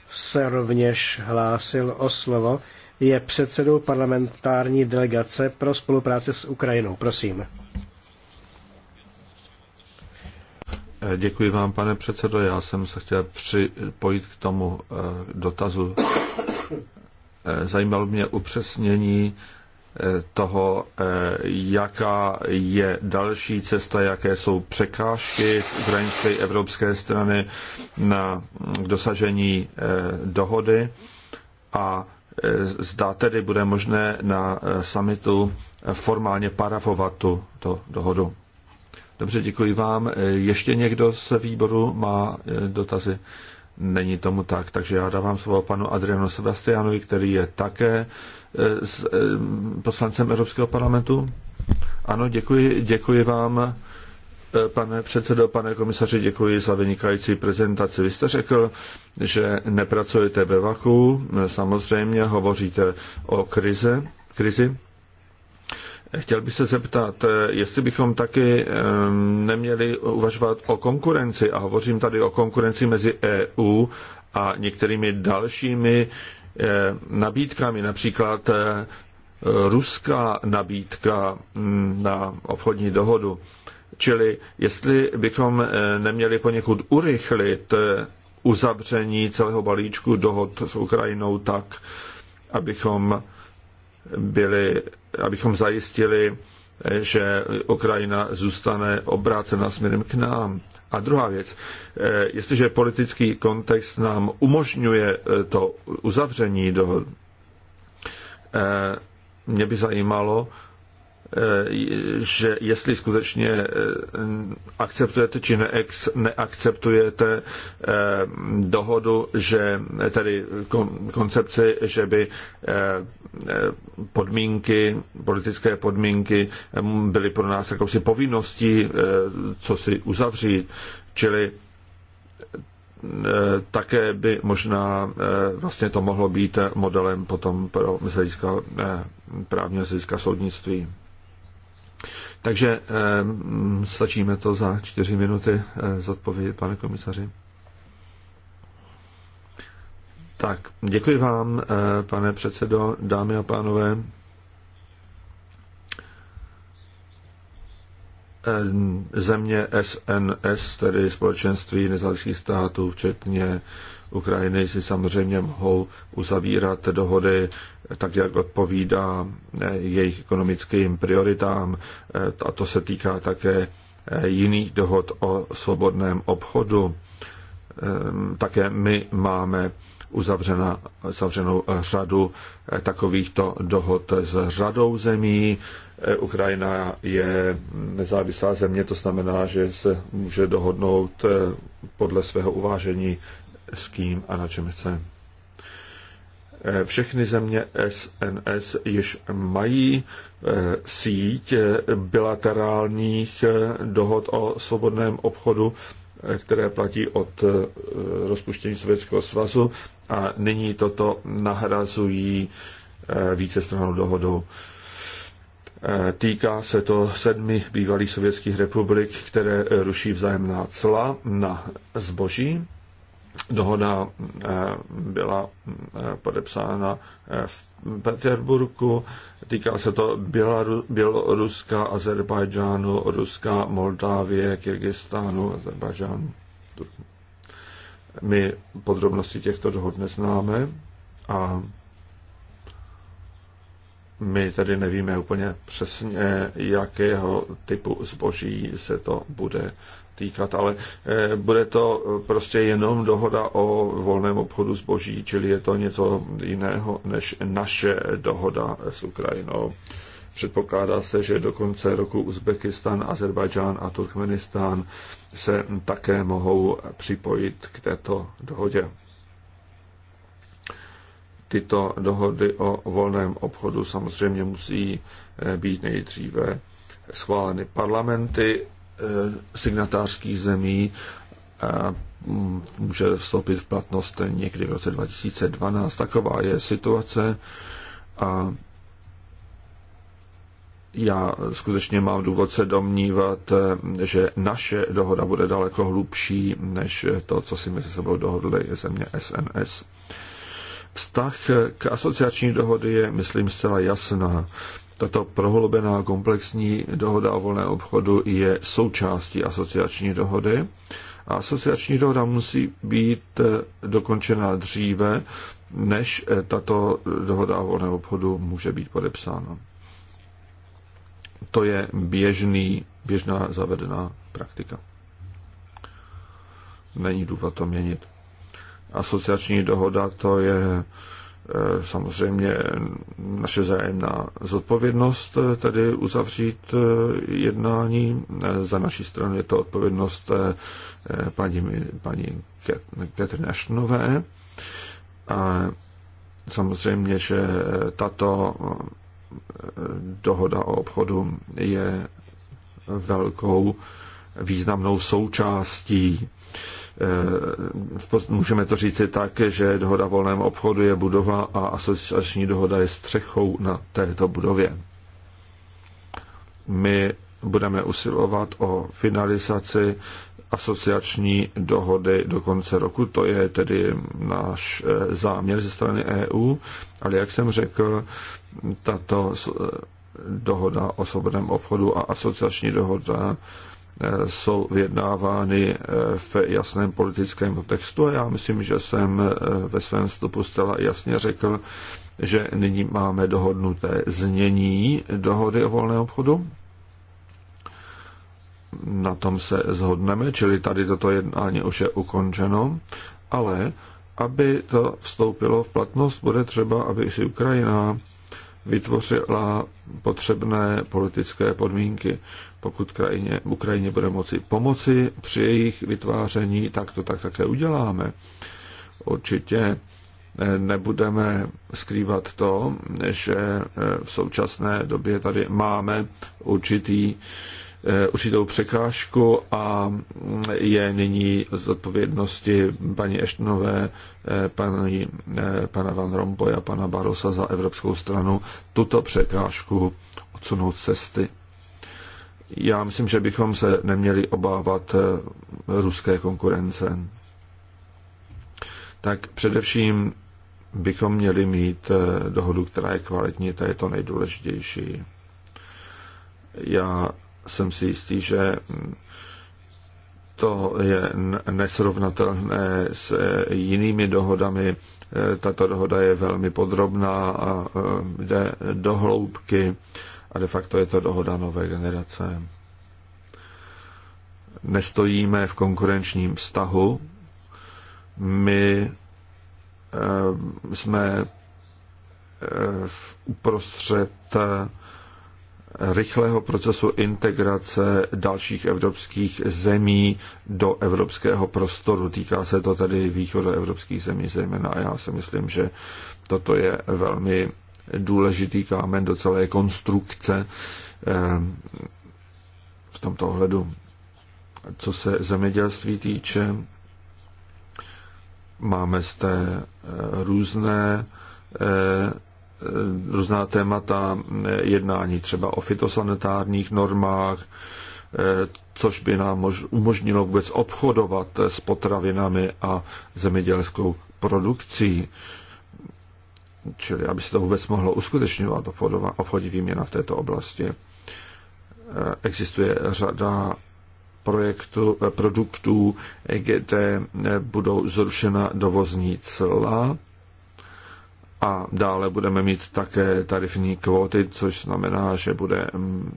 se rovněž hlásil o slovo je předsedou parlamentární delegace pro spolupráci s Ukrajinou. Prosím. Děkuji vám, pane předsedo. Já jsem se chtěl připojit k tomu eh, dotazu. Eh, zajímalo mě upřesnění eh, toho, jaká je další cesta, jaké jsou překážky ukrajinské evropské strany na mm, dosažení dohody a Eh, zda tedy bude možné na eh, summitu eh, formálně parafovat tu to dohodu. Dobře, děkuji vám. Ještě někdo z výboru má dotazy? Není tomu tak, takže já dávám slovo panu Adrianu Sebastianovi, který je také s poslancem Evropského parlamentu. Ano, děkuji, děkuji vám Eh, pane předsedo, pane komisaři, děkuji za vynikající prezentaci. Vy jste řekl, že nepracujete ve vaku, eh, samozřejmě hovoříte o krize, krizi. Eh, chtěl bych se zeptat, jestli bychom taky neměli uvažovat o konkurenci, a hovořím tady o konkurenci mezi EU a některými dalšími nabídkami, například ruská nabídka mm, na obchodní dohodu. Čili jestli bychom eh, neměli poněkud urychlit eh, uzavření celého balíčku dohod s Ukrajinou tak, abychom, byli, abychom zajistili, eh, že Ukrajina zůstane obrácena směrem k nám. A druhá věc, jestliže politický kontext nám umožňuje to uzavření dohod, mě by zajímalo, Eh, že jestli skutečně eh, akceptujete či neex, neakceptujete eh, dohodu, že tedy koncepci, že by podmínky, politické podmínky byly pro nás jakousi povinností, co si uzavřít, čili také by možná vlastně to mohlo být modelem potom pro z hlediska právního z hlediska soudnictví. Takže eh, stačíme to za čtyři minuty eh, zodpovědět, pane komisaři. Tak, děkuji vám, eh, pane předsedo, dámy a pánové. Eh, země SNS, tedy společenství nezávislých států, včetně Ukrajiny si samozřejmě mohou uzavírat dohody tak, jak odpovídá eh, jejich ekonomickým prioritám. Eh, a to se týká také eh, jiných dohod o svobodném obchodu. Také my máme uzavřena, uzavřenou řadu takovýchto dohod s řadou zemí. Ukrajina je nezávislá země, to znamená, že se může dohodnout podle svého uvážení s kým a na čem chce. Eh, všechny země SNS již mají eh, síť bilaterálních eh, dohod o svobodném obchodu, které platí od rozpuštění Sovětského svazu a nyní toto nahrazují vícestrannou dohodou. Týká se to sedmi bývalých sovětských republik, které ruší vzájemná cla na zboží Dohoda eh, byla eh, podepsána eh, v Petersburgu. týká se to Běloruska, Azerbajdžánu, Ruska, Moldávie, Kyrgyzstánu, Azerbajdžánu. My podrobnosti těchto dohod neznáme a my tedy nevíme úplně přesně, jakého typu zboží se to bude týkat, ale eh, bude to eh, prostě jenom dohoda o volném obchodu zboží, čili je to něco jiného než naše dohoda s Ukrajinou. Předpokládá se, že do konce roku Uzbekistan, Azerbajdžán a Turkmenistán se také mohou připojit k této dohodě. Tyto dohody o volném obchodu samozřejmě musí eh, být nejdříve schváleny parlamenty Eh, signatářských zemí mm, může vstoupit v platnost někdy v roce 2012. Taková je situace a já skutečně mám důvod se domnívat, eh, že naše dohoda bude daleko hlubší než to, co si mezi sebou dohodli země SNS. Vztah k asociační dohody je, myslím, zcela jasná. Tato prohloubená komplexní dohoda o volné obchodu je součástí asociační dohody a asociační dohoda musí být eh, dokončena dříve, než eh, tato dohoda o volném obchodu může být podepsána. To je běžný, běžná zavedená praktika. Není důvod to měnit. Asociační dohoda to je Eh, samozřejmě naše zájemná zodpovědnost eh, tedy uzavřít eh, jednání. Za naší stranu je to odpovědnost paní, paní Catherine Ashtonové. A samozřejmě, že tato dohoda o obchodu je velkou významnou součástí Eh, můžeme to říci tak, že dohoda o volném obchodu je budova a asociační dohoda je střechou na této budově. My budeme usilovat o finalizaci asociační dohody do konce roku. To je tedy náš eh, záměr ze strany EU, ale jak jsem řekl, tato eh, dohoda o svobodném obchodu a asociační dohoda jsou vyjednávány eh, v jasném politickém kontextu a já myslím, že jsem eh, ve svém vstupu zcela jasně řekl, že nyní máme dohodnuté znění dohody o volném obchodu. Na tom se zhodneme, čili tady toto jednání už je ukončeno, ale aby to vstoupilo v platnost, bude třeba, aby si Ukrajina vytvořila potřebné politické podmínky pokud krajině, Ukrajině bude moci pomoci při jejich vytváření, tak to tak také uděláme. Určitě eh, nebudeme skrývat to, že eh, v současné době tady máme určitý, eh, určitou překážku a mm, je nyní z odpovědnosti paní Eštnové, paní, pana Van Rompoy a pana Barosa za Evropskou stranu tuto překážku odsunout cesty. Já myslím, že bychom se neměli obávat eh, ruské konkurence. Tak především bychom měli mít eh, dohodu, která je kvalitní, to je to nejdůležitější. Já jsem si jistý, že hm, to je nesrovnatelné s eh, jinými dohodami. Tato dohoda je velmi podrobná a jde do hloubky a de facto je to dohoda nové generace. Nestojíme v konkurenčním vztahu, my eh, jsme eh, v uprostřed eh, rychlého procesu integrace dalších evropských zemí do evropského prostoru. Týká se to tedy východu evropských zemí zejména a já si myslím, že toto je velmi důležitý kámen do celé konstrukce eh, v tomto ohledu. Co se zemědělství týče, máme zde eh, různé eh, různá témata jednání třeba o fitosanitárních normách, což by nám umožnilo vůbec obchodovat s potravinami a zemědělskou produkcí čili aby se to vůbec mohlo uskutečňovat obchodní výměna v této oblasti. Eh, existuje řada projektu, eh, produktů, kde eh, budou zrušena dovozní cla a dále budeme mít také tarifní kvóty, což znamená, že bude mm,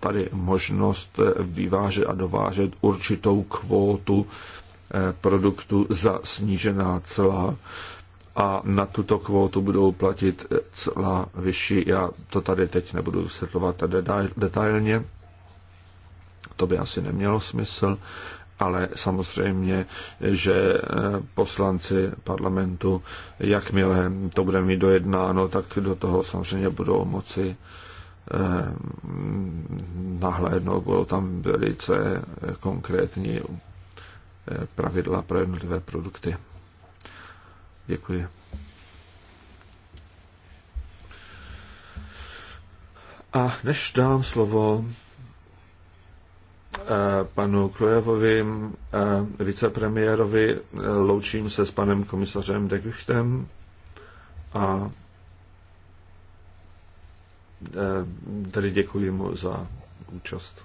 tady možnost vyvážet a dovážet určitou kvótu produktu za snížená cla a na tuto kvótu budou platit celá vyšší. Já to tady teď nebudu vysvětlovat detailně, to by asi nemělo smysl, ale samozřejmě, že eh, poslanci parlamentu, jakmile to bude mít dojednáno, tak do toho samozřejmě budou moci eh, nahlédnout, budou tam velice eh, konkrétní pravidla pro jednotlivé produkty. Děkuji. A než dám slovo eh, panu Krojevovi, eh, vicepremiérovi, eh, loučím se s panem komisařem de Guchtem a tedy děkuji mu za účast.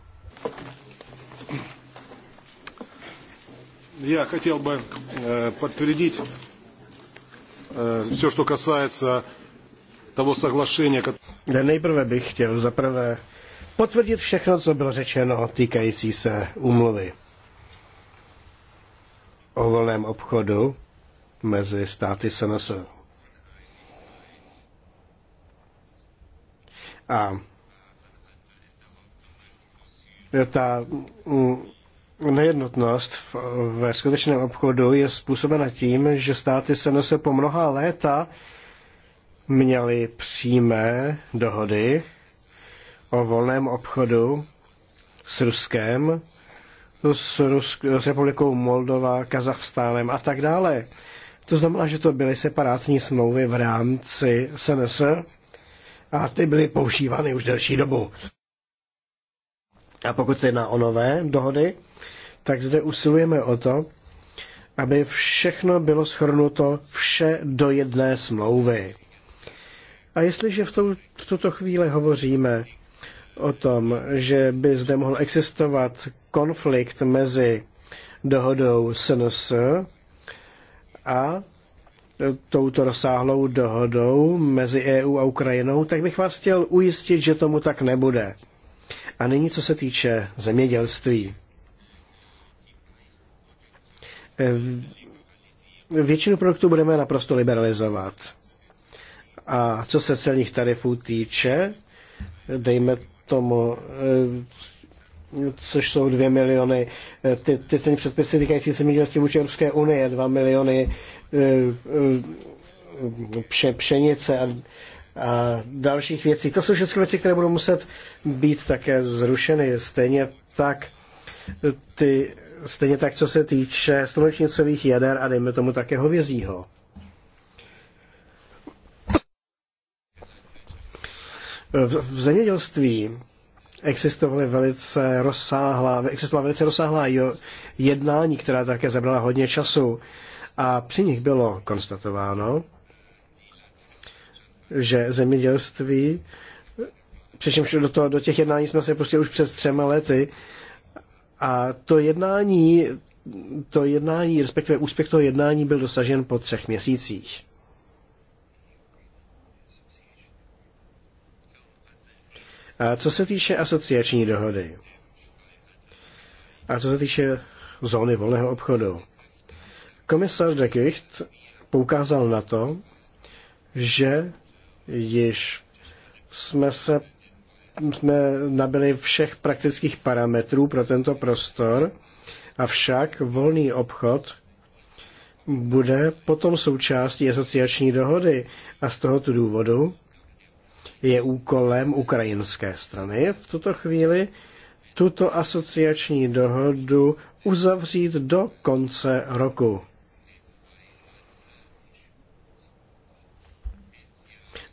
Já chtěl bych potvrdit Eh, все, что касается соглашения, Nejprve bych chtěl zaprvé potvrdit všechno, co bylo řečeno týkající se úmluvy o volném obchodu mezi státy SNS. A ta mm, nejednotnost v, ve skutečném obchodu je způsobena tím, že státy se nese po mnoha léta měly přímé dohody o volném obchodu s Ruskem, s, Rusk, s republikou Moldova, Kazachstánem a tak dále. To znamená, že to byly separátní smlouvy v rámci SNS a ty byly používány už delší dobu. A pokud se jedná o nové dohody, tak zde usilujeme o to, aby všechno bylo schrnuto vše do jedné smlouvy. A jestliže v, tou, v tuto chvíli hovoříme o tom, že by zde mohl existovat konflikt mezi dohodou SNS a touto rozsáhlou dohodou mezi EU a Ukrajinou, tak bych vás chtěl ujistit, že tomu tak nebude. A nyní, co se týče zemědělství. Eh, většinu produktů budeme naprosto liberalizovat. A co se celních tarifů týče, dejme tomu, eh, což jsou dvě miliony, eh, ty, ty celní předpisy týkající se zemědělství vůči Evropské unie, dva miliony pše, pšenice a a dalších věcí. To jsou všechny věci, které budou muset být také zrušeny. Stejně tak ty, stejně tak, co se týče slunečnicových jader a dejme tomu také hovězího. V, v zemědělství existovaly velice rozsáhlá, existovala velice rozsáhlá jednání, která také zabrala hodně času. A při nich bylo konstatováno, že zemědělství, přičemž do, toho, do těch jednání jsme se prostě už před třema lety, a to jednání, to jednání, respektive úspěch toho jednání byl dosažen po třech měsících. A co se týče asociační dohody a co se týče zóny volného obchodu, Komisar de Gucht poukázal na to, že již jsme se jsme nabili všech praktických parametrů pro tento prostor, avšak volný obchod bude potom součástí asociační dohody a z tohoto důvodu je úkolem ukrajinské strany v tuto chvíli tuto asociační dohodu uzavřít do konce roku.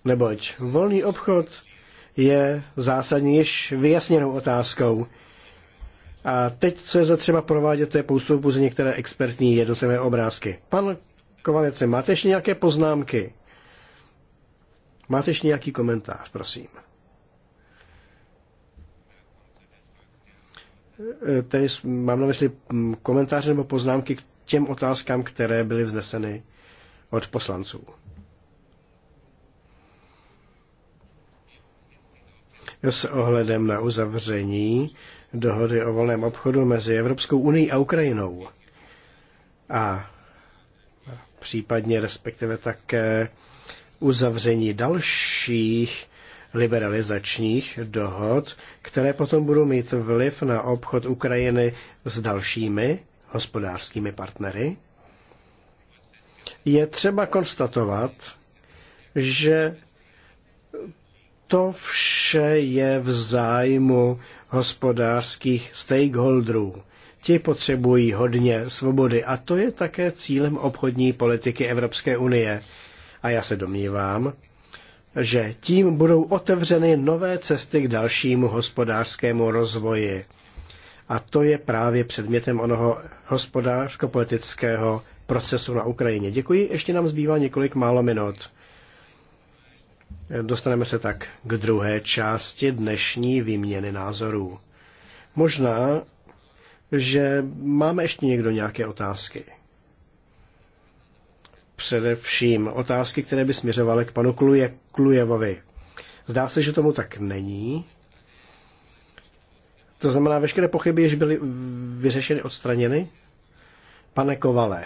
neboť volný obchod je zásadně již vyjasněnou otázkou. A teď, co je zatřeba provádět, to je poustoupu z některé expertní jednotlivé obrázky. Pan Kovalece, máte ještě nějaké poznámky? Máte ještě nějaký komentář, prosím? E, tedy mám na mysli komentáře nebo poznámky k těm otázkám, které byly vzneseny od poslanců. s ohledem na uzavření dohody o volném obchodu mezi Evropskou unii a Ukrajinou. A případně respektive také uzavření dalších liberalizačních dohod, které potom budou mít vliv na obchod Ukrajiny s dalšími hospodářskými partnery. Je třeba konstatovat, že to vše je v zájmu hospodářských stakeholderů. Ti potřebují hodně svobody a to je také cílem obchodní politiky Evropské unie. A já se domnívám, že tím budou otevřeny nové cesty k dalšímu hospodářskému rozvoji. A to je právě předmětem onoho hospodářsko-politického procesu na Ukrajině. Děkuji, ještě nám zbývá několik málo minut. Dostaneme se tak k druhé části dnešní výměny názorů. Možná, že máme ještě někdo nějaké otázky. Především otázky, které by směřovaly k panu Kluje, Klujevovi. Zdá se, že tomu tak není. To znamená, veškeré pochyby již byly vyřešeny, odstraněny? Pane Kovale,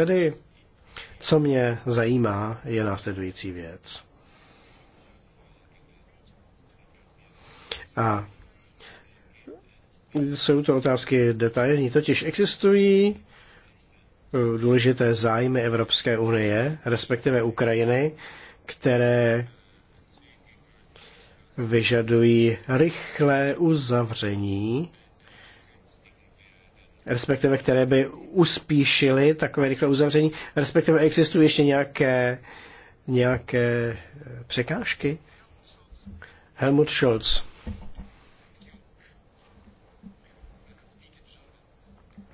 Tedy, co mě zajímá, je následující věc. A jsou to otázky detailní, totiž existují eh, důležité zájmy Evropské unie, respektive Ukrajiny, které vyžadují rychlé uzavření respektive které by uspíšily takové rychlé uzavření, respektive existují ještě nějaké, nějaké eh, překážky? Helmut Scholz.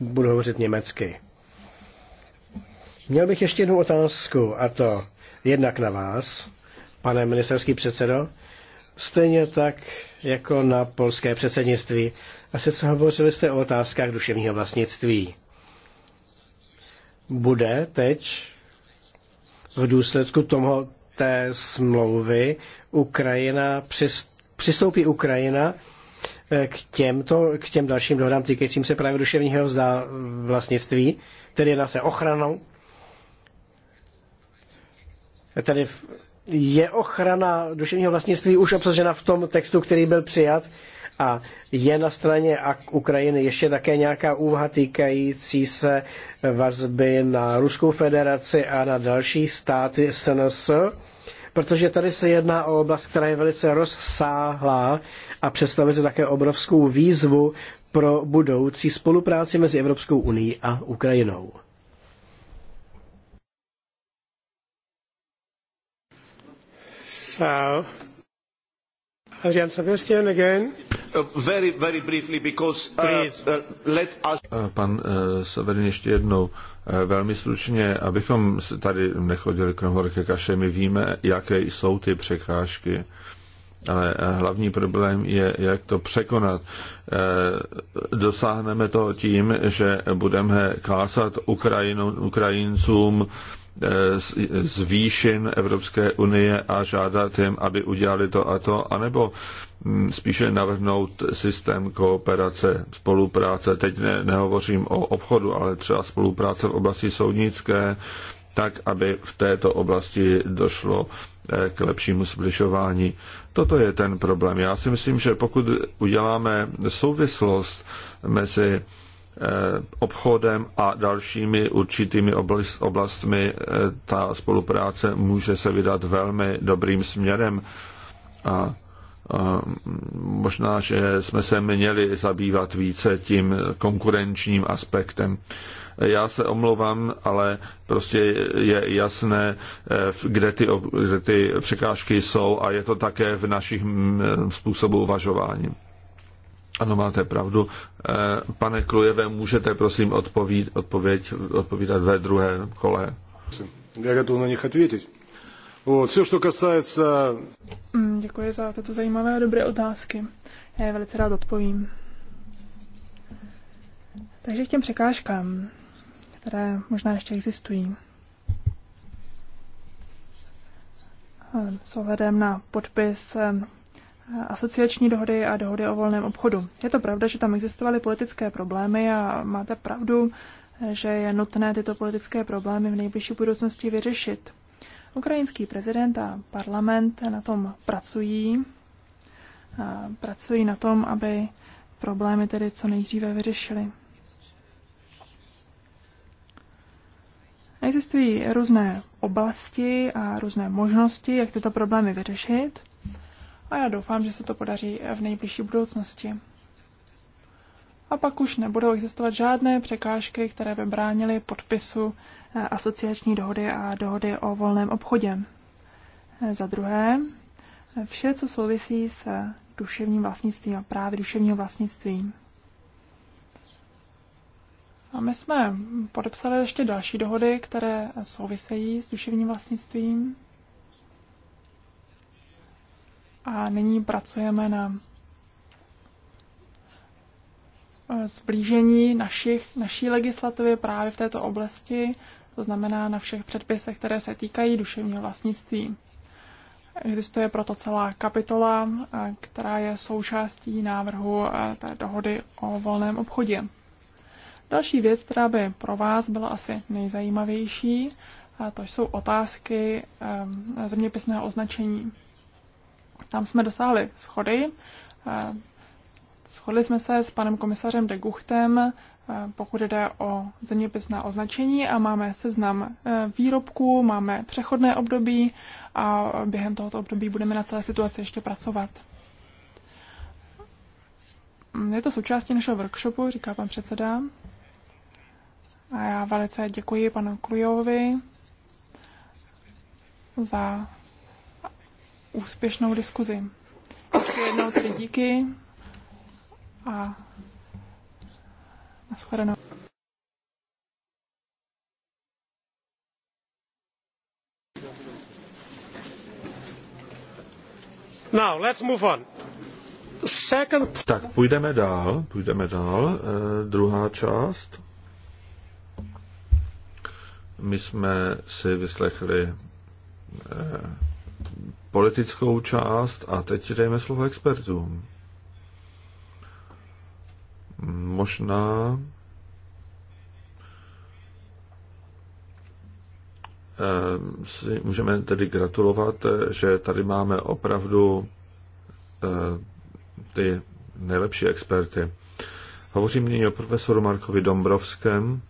Budu hovořit německy. Měl bych ještě jednu otázku, a to jednak na vás, pane ministerský předsedo. Stejně tak jako na polské předsednictví. A se hovořili jste o otázkách duševního vlastnictví. Bude teď v důsledku toho, té smlouvy Ukrajina přistoupí Ukrajina eh, k, těmto, k těm dalším dohodám týkajícím se právě duševního vlastnictví, tedy na se ochranou. Tady v, je ochrana duševního vlastnictví už obsažena v tom textu, který byl přijat? A je na straně Ukrajiny ještě také nějaká úvaha týkající se vazby na Ruskou federaci a na další státy SNS? Protože tady se jedná o oblast, která je velice rozsáhlá a představuje to také obrovskou výzvu pro budoucí spolupráci mezi Evropskou unii a Ukrajinou. So, Adrian Sebastian again. Uh, very, very briefly, because uh, Please. Uh, let us... Uh, pan uh, Severin ještě jednou. velmi stručně, abychom tady nechodili k horké kaše, my víme, jaké jsou ty překážky. Ale hlavní problém je, jak to překonat. Dosáhneme to tím, že budeme kásat Ukrajinu, Ukrajincům z výšin Evropské unie a žádat jim, aby udělali to a to, anebo mm, spíše navrhnout systém kooperace, spolupráce. Teď ne, nehovořím o obchodu, ale třeba spolupráce v oblasti soudnické, tak, aby v této oblasti došlo eh, k lepšímu zbližování. Toto je ten problém. Já si myslím, že pokud uděláme souvislost mezi Eh, obchodem a dalšími určitými oblastmi eh, ta spolupráce může se vydat velmi dobrým směrem. A možná, že jsme se měli zabývat více tím konkurenčním aspektem. Já se omlouvám, ale prostě je jasné, eh, kde ty, kde ty překážky jsou a je to také v našich mm, způsobu uvažování. Ano, máte pravdu. Eh, pane Klujeve, můžete prosím odpovíd, odpověď, odpovídat ve druhém kole. Já to na nich odpovědět. Vše, co se mm, Děkuji za tyto zajímavé a dobré otázky. Já je velice rád odpovím. Takže k těm překážkám, které možná ještě existují. Eh, s ohledem na podpis eh, asociační dohody a dohody o volném obchodu. Je to pravda, že tam existovaly politické problémy a máte pravdu, že je nutné tyto politické problémy v nejbližší budoucnosti vyřešit. Ukrajinský prezident a parlament na tom pracují. Pracují na tom, aby problémy tedy co nejdříve vyřešili. Existují různé oblasti a různé možnosti, jak tyto problémy vyřešit a já doufám, že se to podaří v nejbližší budoucnosti. A pak už nebudou existovat žádné překážky, které by bránily podpisu eh, asociační dohody a dohody o volném obchodě. Eh, za druhé, vše, co souvisí s eh, duševním vlastnictvím a právě duševního vlastnictví. A my jsme podepsali ještě další dohody, které souvisejí s duševním vlastnictvím a nyní pracujeme na zblížení eh, našich, naší legislativy právě v této oblasti, to znamená na všech předpisech, které se týkají duševního vlastnictví. Existuje proto celá kapitola, eh, která je součástí návrhu eh, té dohody o volném obchodě. Další věc, která by pro vás byla asi nejzajímavější, to jsou otázky zeměpisného označení. Tam jsme dosáhli schody. Eh, Schodili jsme se s panem komisařem de Guchtem, eh, pokud jde o zeměpisná označení a máme seznam eh, výrobků, máme přechodné období a během tohoto období budeme na celé situaci ještě pracovat. Mm, je to součástí našeho workshopu, říká pan předseda. A já velice děkuji panu Klujovi za úspěšnou diskuzi. Ještě jednou tedy díky a nashledanou. Now, let's move on. Second... Tak půjdeme dál, půjdeme dál. E, druhá část. My jsme si vyslechli eh, politickou část a teď dejme slovo expertům. Možná eh, si můžeme tedy gratulovat, že tady máme opravdu eh, ty nejlepší experty. Hovořím nyní o profesoru Markovi Dombrovském,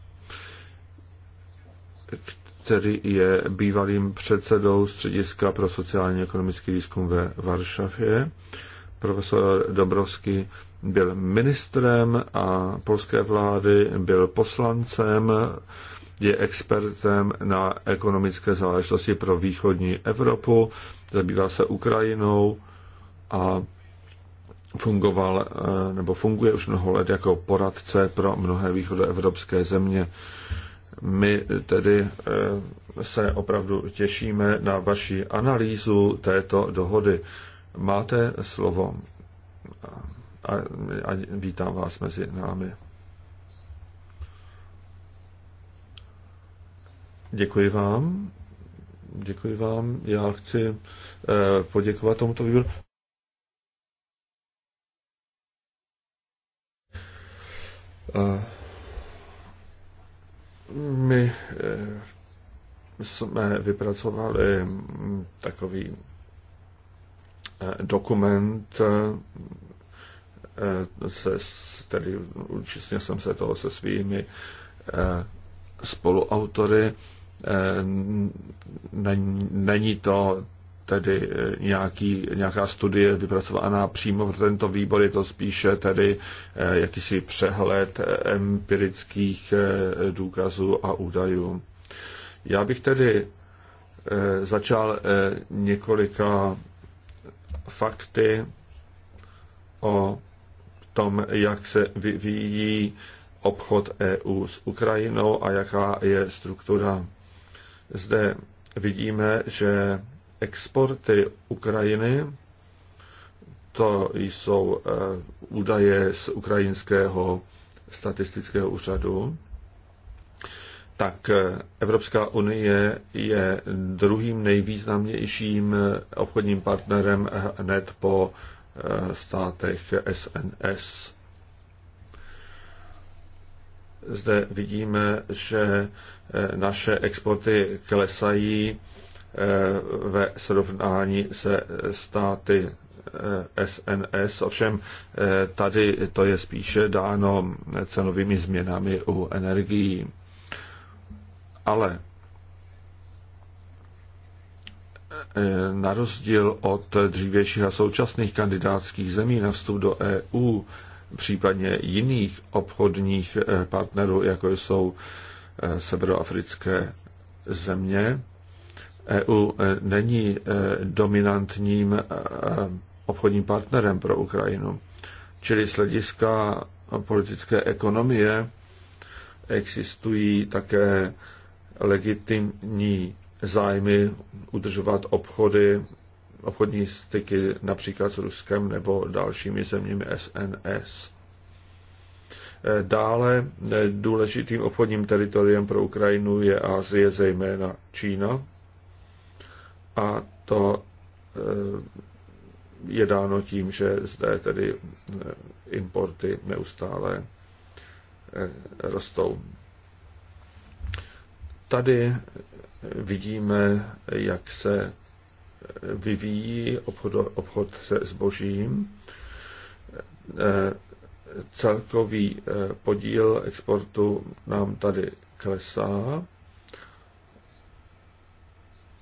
který je bývalým předsedou Střediska pro sociálně ekonomický výzkum ve Varšavě. Profesor Dobrovský byl ministrem a polské vlády, byl poslancem, je expertem na ekonomické záležitosti pro východní Evropu, zabývá se Ukrajinou a fungoval eh, nebo funguje už mnoho let jako poradce pro mnohé východoevropské země. My tedy eh, se opravdu těšíme na vaši analýzu této dohody. Máte slovo a, a vítám vás mezi námi. Děkuji vám. Děkuji vám. Já chci eh, poděkovat tomuto výboru. Uh, my eh, jsme vypracovali takový eh, dokument, eh, se, který účastnil jsem se toho se svými spoluautory. Není to tedy eh, nějaký, nějaká studie vypracovaná přímo pro tento výbor, je to spíše tedy eh, jakýsi přehled eh, empirických důkazů a údajů. Já bych tedy začal několika fakty o tom, jak se vyvíjí obchod EU s Ukrajinou a jaká je struktura. Zde vidíme, že exporty Ukrajiny, to jsou eh, údaje z ukrajinského statistického úřadu, tak eh, Evropská unie je druhým nejvýznamnějším eh, obchodním partnerem hned po státech SNS. Zde vidíme, že naše exporty klesají Eh, ve srovnání se státy SNS. Eh, Ovšem eh, tady to je spíše dáno cenovými změnami u energií. Ale na rozdíl od dřívějších a současných kandidátských zemí na vstup do EU, případně jiných obchodních partnerů, jako jsou severoafrické země, EU e, není e, dominantním e, obchodním partnerem pro Ukrajinu. Čili z hlediska politické ekonomie existují také legitimní zájmy udržovat obchody, obchodní styky například s Ruskem nebo dalšími zeměmi SNS. Dále důležitým obchodním teritoriem pro Ukrajinu je Asie, zejména Čína, a to eh, je dáno tím, že zde tedy eh, importy neustále eh, rostou. Tady vidíme, jak se vyvíjí obchod, obchod se zbožím. Celkový podíl exportu nám tady klesá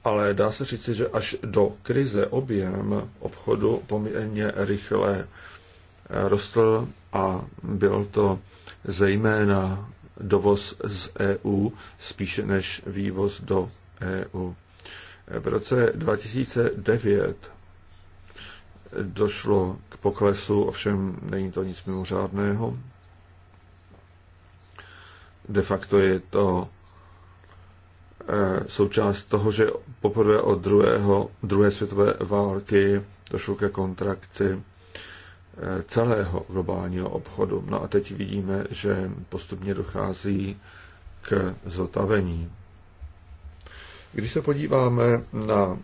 ale dá se říci, že až do krize objem obchodu poměrně rychle eh, rostl a byl to zejména dovoz z EU spíše než vývoz do EU. V roce 2009 došlo k poklesu, ovšem není to nic mimořádného. De facto je to Eh, součást toho, že poprvé od druhého, druhé světové války došlo ke kontrakci eh, celého globálního obchodu. No a teď vidíme, že postupně dochází k zotavení. Když se podíváme na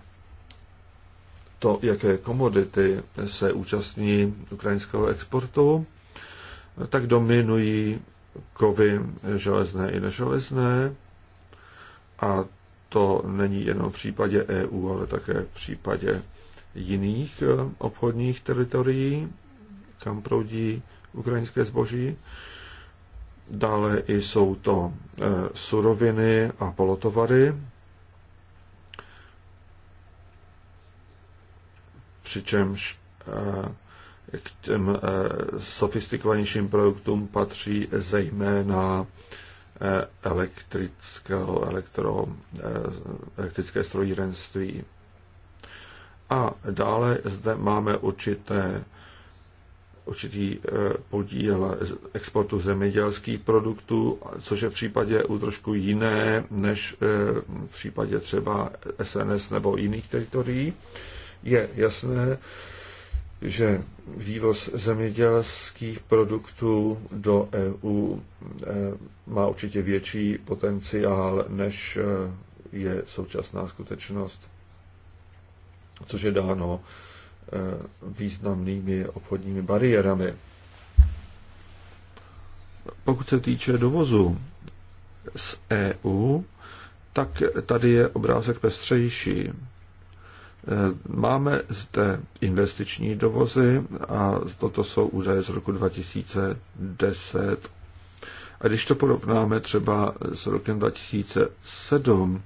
to, jaké komodity se účastní ukrajinského exportu, tak dominují kovy železné i neželezné, a to není jenom v případě EU, ale také v případě jiných eh, obchodních teritorií, kam proudí ukrajinské zboží. Dále i jsou to eh, suroviny a polotovary, přičemž eh, k těm sofistikovanějším produktům patří zejména elektrického, elektro, eh, elektrické strojírenství. A dále zde máme určité, určitý eh, podíl exportu zemědělských produktů, což je v případě u trošku jiné než eh, v případě třeba SNS nebo jiných teritorií. Je jasné, že vývoz zemědělských produktů do EU e, má určitě větší potenciál, než e, je současná skutečnost, což je dáno e, významnými obchodními bariérami. Pokud se týče dovozu z EU, tak tady je obrázek pestřejší Eh, máme zde investiční dovozy a toto jsou údaje z roku 2010. A když to porovnáme třeba s rokem 2007,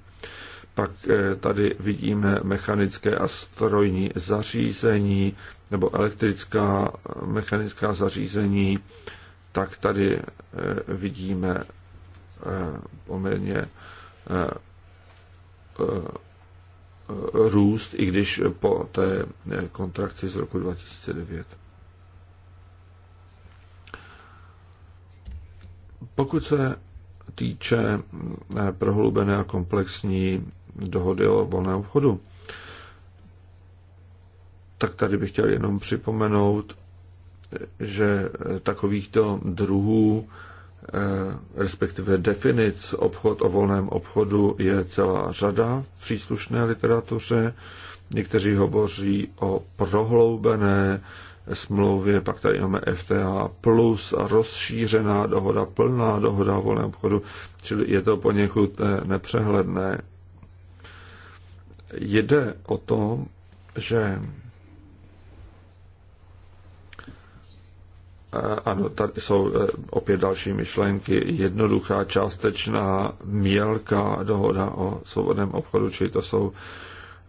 pak eh, tady vidíme mechanické a strojní zařízení nebo elektrická mechanická zařízení, tak tady eh, vidíme poměrně růst, i když po té eh, kontrakci z roku 2009. Pokud se týče eh, prohlubené a komplexní dohody o volném obchodu, tak tady bych chtěl jenom připomenout, eh, že takovýchto druhů Eh, respektive definic obchod o volném obchodu je celá řada v příslušné literatuře. Někteří hovoří o prohloubené smlouvě, pak tady máme FTA plus a rozšířená dohoda, plná dohoda o volném obchodu, čili je to poněkud eh, nepřehledné. Jde o to, že ano, tady jsou e, opět další myšlenky. Jednoduchá, částečná, mělká dohoda o svobodném obchodu, čili to jsou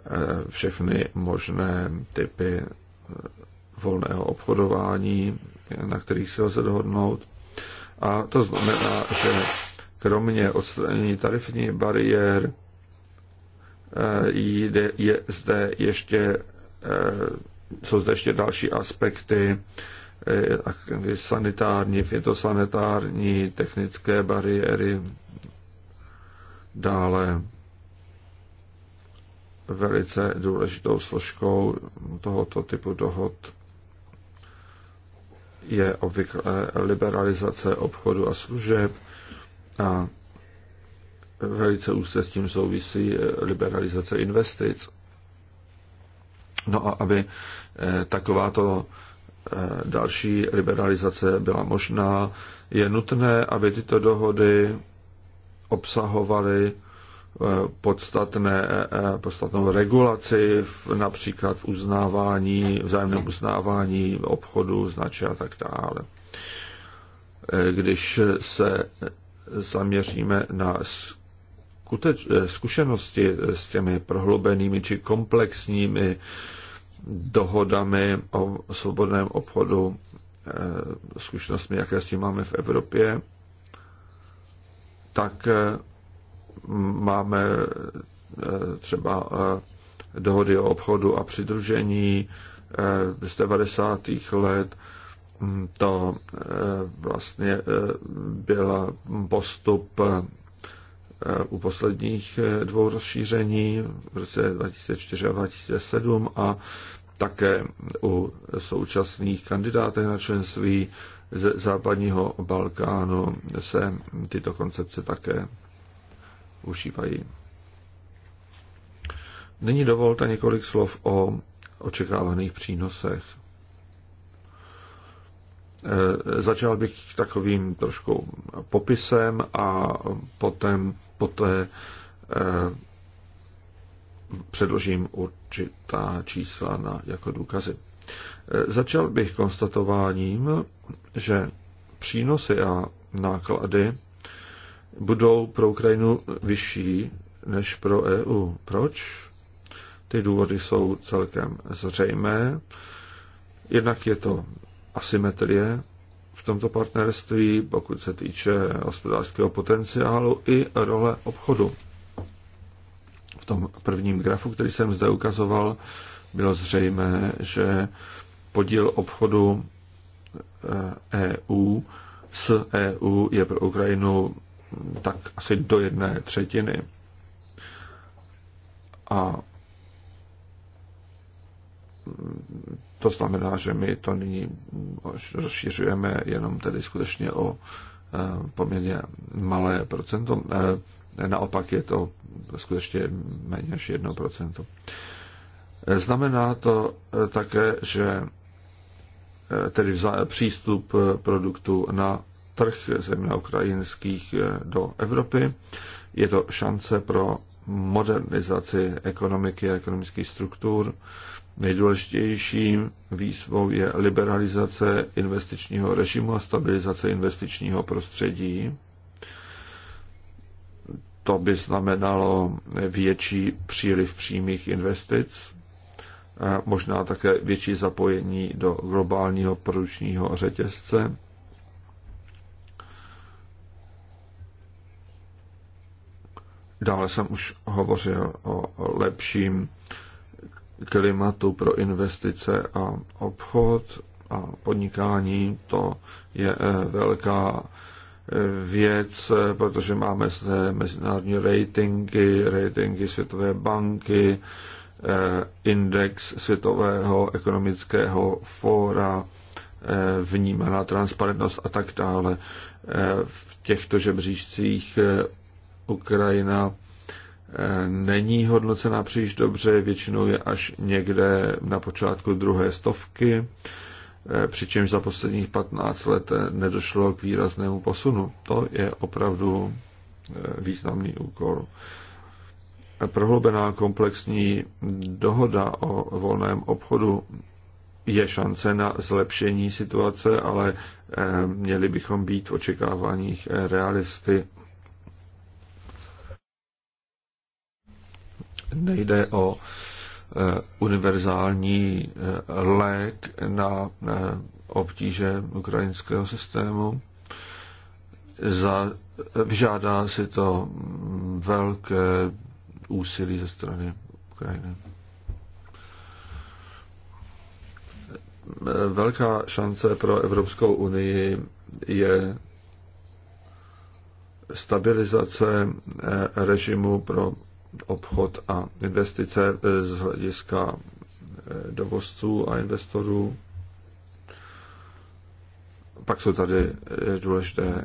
e, všechny možné typy e, volného obchodování, na kterých se lze dohodnout. A to znamená, že kromě odstranění tarifních bariér je zde ještě, jsou zde ještě další aspekty sanitární, fitosanitární, technické bariéry, dále velice důležitou složkou tohoto typu dohod je obvykle liberalizace obchodu a služeb a velice úzce s tím souvisí liberalizace investic. No a aby eh, takováto Eh, další liberalizace byla možná. Je nutné, aby tyto dohody obsahovaly eh, podstatné, eh, podstatnou regulaci, v, například v uznávání, vzájemném uznávání obchodu, znače a tak dále. Když se zaměříme na zkušenosti s těmi prohlubenými či komplexními dohodami o svobodném obchodu, eh, zkušenostmi, jaké s tím máme v Evropě, tak eh, máme eh, třeba dohody o obchodu a přidružení z 90. let. Mm, to vlastně byl postup Eh, u posledních eh, dvou rozšíření v roce 2004 a 2007 a také u současných kandidátech na členství z západního Balkánu se tyto koncepce také užívají. Nyní dovolte několik slov o očekávaných přínosech. Eh, začal bych takovým trošku popisem a potom poté eh, předložím určitá čísla na, jako důkazy. Eh, začal bych konstatováním, že přínosy a náklady budou pro Ukrajinu vyšší než pro EU. Proč? Ty důvody jsou celkem zřejmé. Jednak je to asymetrie v tomto partnerství, pokud se týče hospodářského potenciálu i role obchodu. V tom prvním grafu, který jsem zde ukazoval, bylo zřejmé, že podíl obchodu EU eh, e s EU je pro Ukrajinu tak asi do jedné třetiny. A to znamená, že my to nyní rozšiřujeme jenom tedy skutečně o eh, poměrně malé procento. Eh, naopak je to skutečně méně než 1%. Eh, znamená to také, že tedy přístup produktu na trh země ukrajinských do Evropy. Je to šance pro modernizaci ekonomiky a ekonomických struktur Nejdůležitějším výzvou je liberalizace investičního režimu a stabilizace investičního prostředí. To by znamenalo větší příliv přímých investic, možná také větší zapojení do globálního produčního řetězce. Dále jsem už hovořil o lepším klimatu pro investice a obchod a podnikání, to je eh, velká eh, věc, protože máme zde mezinárodní ratingy, ratingy Světové banky, eh, index Světového ekonomického fóra, vnímaná transparentnost a tak dále. V těchto žebříčcích Ukrajina není hodnocena příliš dobře, většinou je až někde na počátku druhé stovky, eh, přičemž za posledních 15 let nedošlo k výraznému posunu. To je opravdu eh, významný úkol. Prohlubená komplexní dohoda o volném obchodu je šance na zlepšení situace, ale eh, měli bychom být v očekáváních realisty. Nejde o eh, univerzální eh, lék na eh, obtíže ukrajinského systému. Za, vyžádá si to velké úsilí ze strany Ukrajiny. Velká šance pro Evropskou unii je stabilizace režimu pro obchod a investice eh, z hlediska eh, dovozců a investorů. Pak jsou tady eh, důležité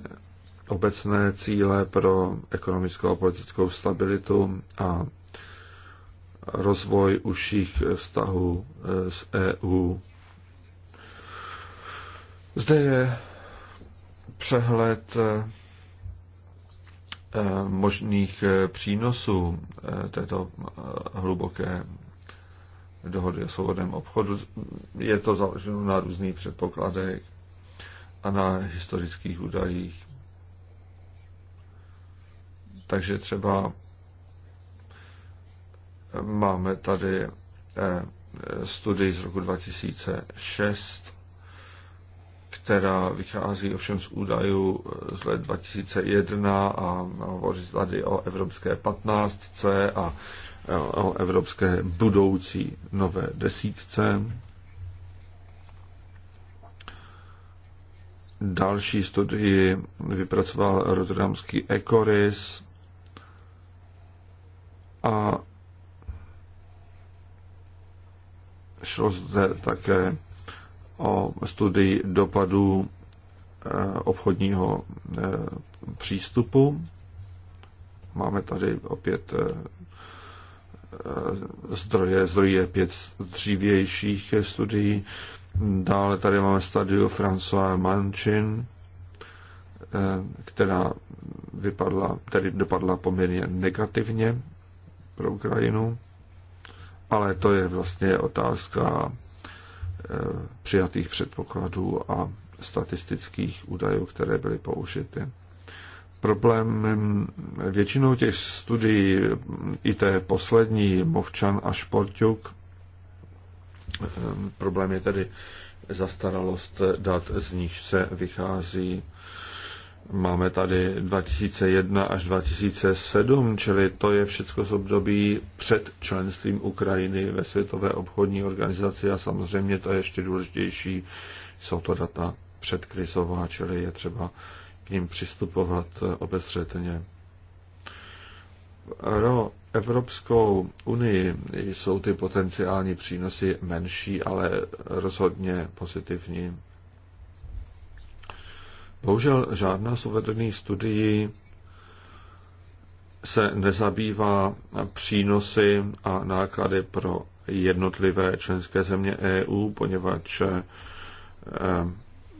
obecné cíle pro ekonomickou a politickou stabilitu a rozvoj užších vztahů s EU. Zde je přehled možných eh, přínosů eh, této eh, hluboké dohody o svobodném obchodu. Je to založeno na různých předpokladech a na historických údajích. Takže třeba máme tady studii z roku 2006 která vychází ovšem z údajů eh, z let 2001 a hovoří tady o evropské 15 a eh, o evropské budoucí nové desítce. Další studii vypracoval rotterdamský Ecoris a šlo zde také o studii dopadů eh, obchodního eh, přístupu. Máme tady opět eh, zdroje, zdroje pět dřívějších studií. Dále tady máme studiu François Manchin, která vypadla, tedy dopadla poměrně negativně pro Ukrajinu, ale to je vlastně otázka Eh, přijatých předpokladů a statistických údajů, které byly použity. Problémem většinou těch studií, i té poslední, Movčan a Športiuk. Ehm, problém je tedy zastaralost dat, z níž se vychází. Máme tady 2001 až 2007, čili to je všechno z období před členstvím Ukrajiny ve Světové obchodní organizaci a samozřejmě to je ještě důležitější. Jsou to data předkrizová, čili je třeba k ním přistupovat eh, obezřetně. Pro Evropskou unii jsou ty potenciální přínosy menší, ale rozhodně pozitivní. Bohužel žádná z uvedených studií se nezabývá přínosy a náklady pro jednotlivé členské země EU, poněvadž eh,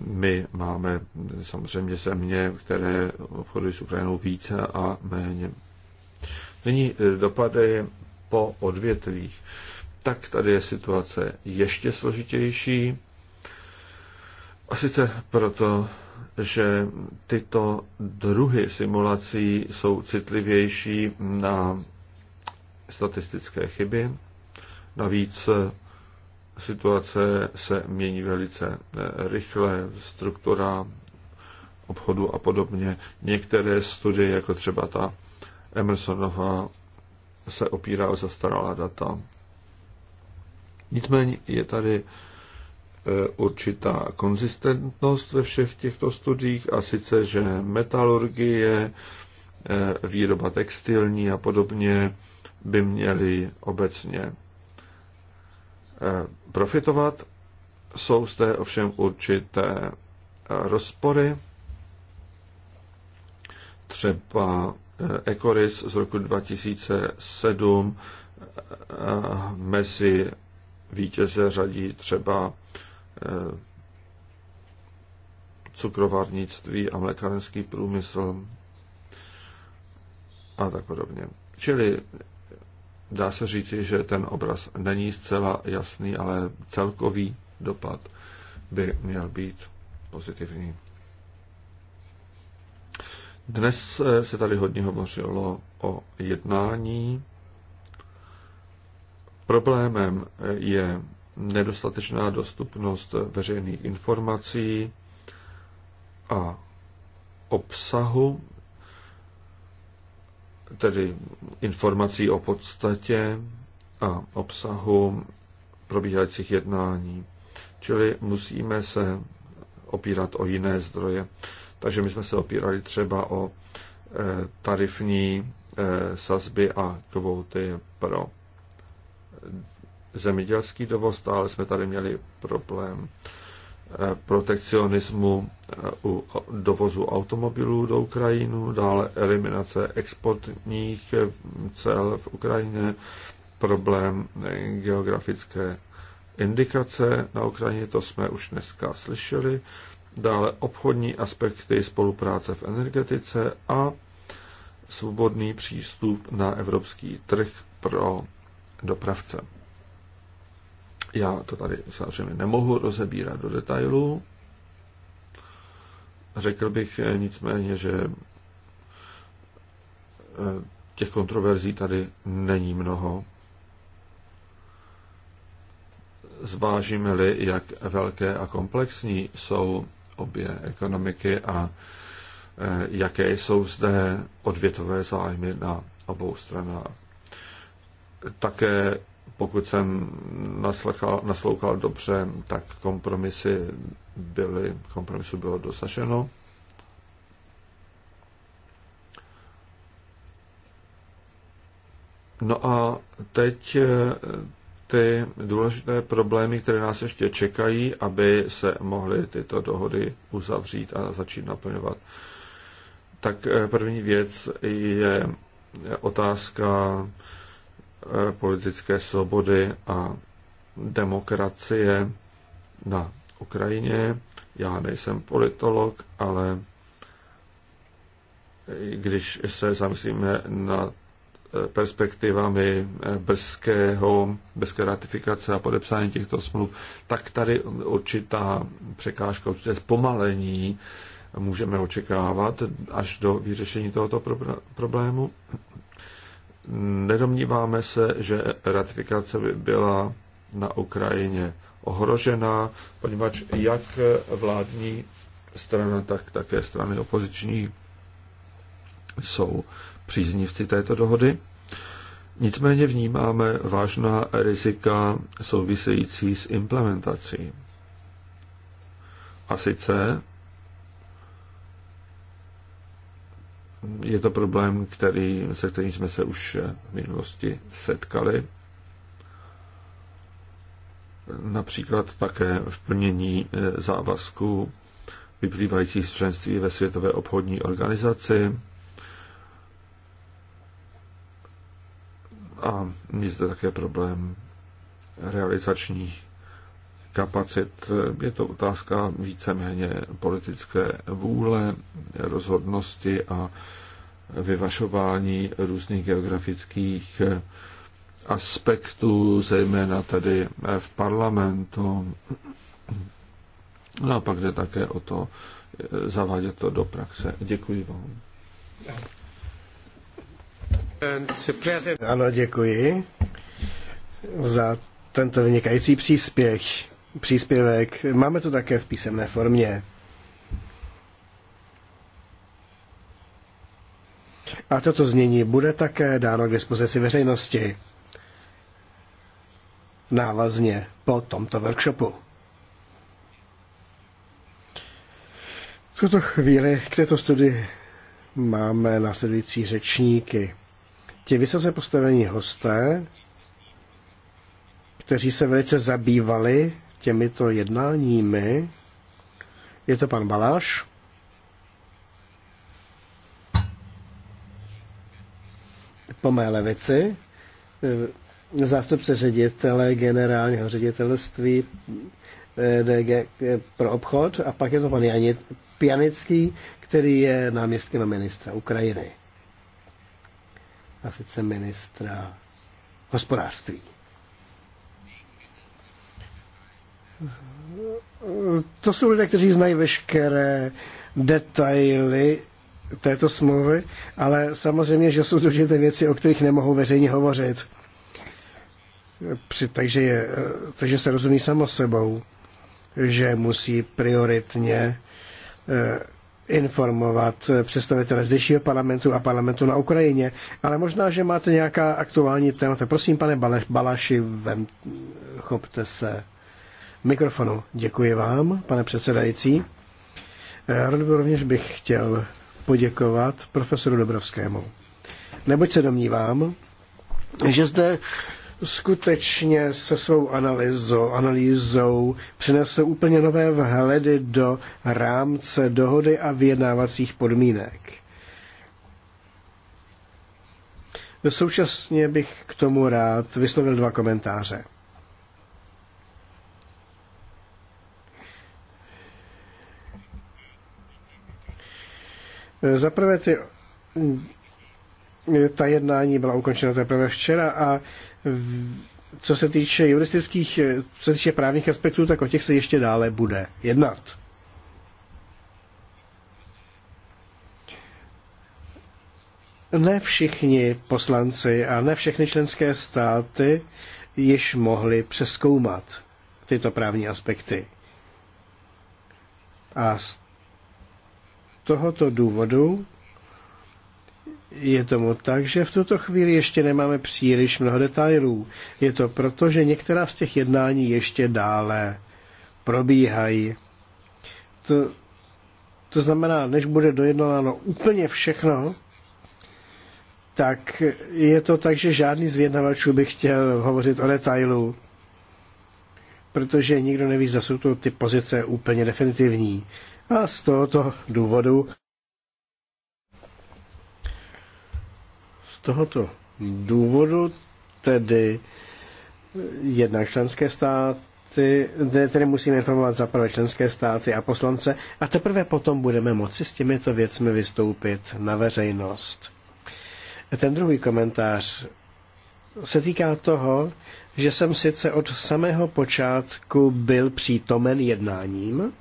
my máme samozřejmě země, které obchodují s Ukrajinou více a méně. Nyní eh, dopady po odvětvích. Tak tady je situace ještě složitější. A sice proto, že tyto druhy simulací jsou citlivější na statistické chyby. Navíc situace se mění velice eh, rychle, struktura obchodu a podobně. Některé studie, jako třeba ta Emersonova, se opírá o zastaralá data. Nicméně je tady Eh, určitá konzistentnost ve všech těchto studiích a sice, že metalurgie, eh, výroba textilní a podobně by měly obecně eh, profitovat. Jsou zde ovšem určité rozpory, třeba Ecoris z roku 2007 mezi vítěze řadí třeba Eh, cukrovarnictví a mlékárenský průmysl a tak podobně. Čili dá se říci, že ten obraz není zcela jasný, ale celkový dopad by měl být pozitivní. Dnes se tady hodně hovořilo o jednání. Problémem je nedostatečná dostupnost veřejných informací a obsahu, tedy informací o podstatě a obsahu probíhajících jednání. Čili musíme se opírat o jiné zdroje. Takže my jsme se opírali třeba o e, tarifní e, sazby a kvóty pro zemědělský dovoz, ale jsme tady měli problém eh, protekcionismu eh, u dovozu automobilů do Ukrajinu, dále eliminace exportních eh, cel v Ukrajině, problém geografické indikace na Ukrajině, to jsme už dneska slyšeli, dále obchodní aspekty spolupráce v energetice a svobodný přístup na evropský trh pro dopravce. Já to tady samozřejmě nemohu rozebírat do detailů. Řekl bych eh, nicméně, že eh, těch kontroverzí tady není mnoho. Zvážíme-li, jak velké a komplexní jsou obě ekonomiky a eh, jaké jsou zde odvětové zájmy na obou stranách. Také pokud jsem naslouchal, naslouchal dobře, tak kompromisy byly, kompromisu bylo dosaženo. No a teď eh, ty důležité problémy, které nás ještě čekají, aby se mohly tyto dohody uzavřít a začít naplňovat. Tak eh, první věc je otázka Eh, politické svobody a demokracie na Ukrajině. Já nejsem politolog, ale když se zamyslíme nad eh, perspektivami eh, brzkého, brzké ratifikace a podepsání těchto smluv, tak tady určitá překážka, určité zpomalení můžeme očekávat až do vyřešení tohoto problému. Nedomníváme se, že ratifikace by byla na Ukrajině ohrožena, poněvadž jak vládní strana, tak také strany opoziční jsou příznivci této dohody. Nicméně vnímáme vážná rizika související s implementací. A sice je to problém, který, se kterým jsme se už v minulosti setkali. Například také v plnění eh, závazků vyplývajících z členství ve Světové obchodní organizaci. A je zde také problém realizačních kapacit. Je to otázka víceméně politické vůle, rozhodnosti a vyvašování různých geografických aspektů, zejména tady v parlamentu. No a pak jde také o to eh, zavádět to do praxe. Děkuji vám. Ano, děkuji za tento vynikající příspěch příspěvek. Máme to také v písemné formě. A toto znění bude také dáno k dispozici veřejnosti návazně po tomto workshopu. V tuto chvíli k této studii máme následující řečníky. Ti vysoce postavení hosté, kteří se velice zabývali těmito jednáními. Je to pan Baláš. Po mé levici eh, zástupce ředitele, generálního ředitelství eh, DG eh, pro obchod a pak je to pan Janit Pianický, který je náměstkem ministra Ukrajiny. A sice ministra hospodářství. to jsou lidé, kteří znají veškeré detaily této smlouvy, ale samozřejmě, že jsou důležité věci, o kterých nemohou veřejně hovořit. Při, takže, je, takže se rozumí samo sebou, že musí prioritně eh, informovat eh, představitele zdejšího parlamentu a parlamentu na Ukrajině. Ale možná, že máte nějaká aktuální témata. Prosím, pane Balaši, vem, chopte se mikrofonu. Děkuji vám, pane předsedající. Eh, rovněž bych chtěl poděkovat profesoru Dobrovskému. Neboť se domnívám, že zde skutečně se svou analýzou, analýzou přinesl úplně nové vhledy do rámce dohody a vyjednávacích podmínek. Současně bych k tomu rád vyslovil dva komentáře. Za prvé ty, ta jednání byla ukončena teprve včera a v, co se týče juristických, co se týče právních aspektů, tak o těch se ještě dále bude jednat. Ne všichni poslanci a ne všechny členské státy již mohli přeskoumat tyto právní aspekty. A tohoto důvodu je tomu tak, že v tuto chvíli ještě nemáme příliš mnoho detailů. Je to proto, že některá z těch jednání ještě dále probíhají. To, to znamená, než bude dojednáno úplně všechno, tak je to tak, že žádný z vyjednavačů by chtěl hovořit o detailu, protože nikdo neví, zda jsou to ty pozice úplně definitivní. A z tohoto důvodu z tohoto důvodu tedy jednak členské státy, tedy musíme informovat za prvé členské státy a poslance a teprve potom budeme moci s těmito věcmi vystoupit na veřejnost. Ten druhý komentář se týká toho, že jsem sice od samého počátku byl přítomen jednáním,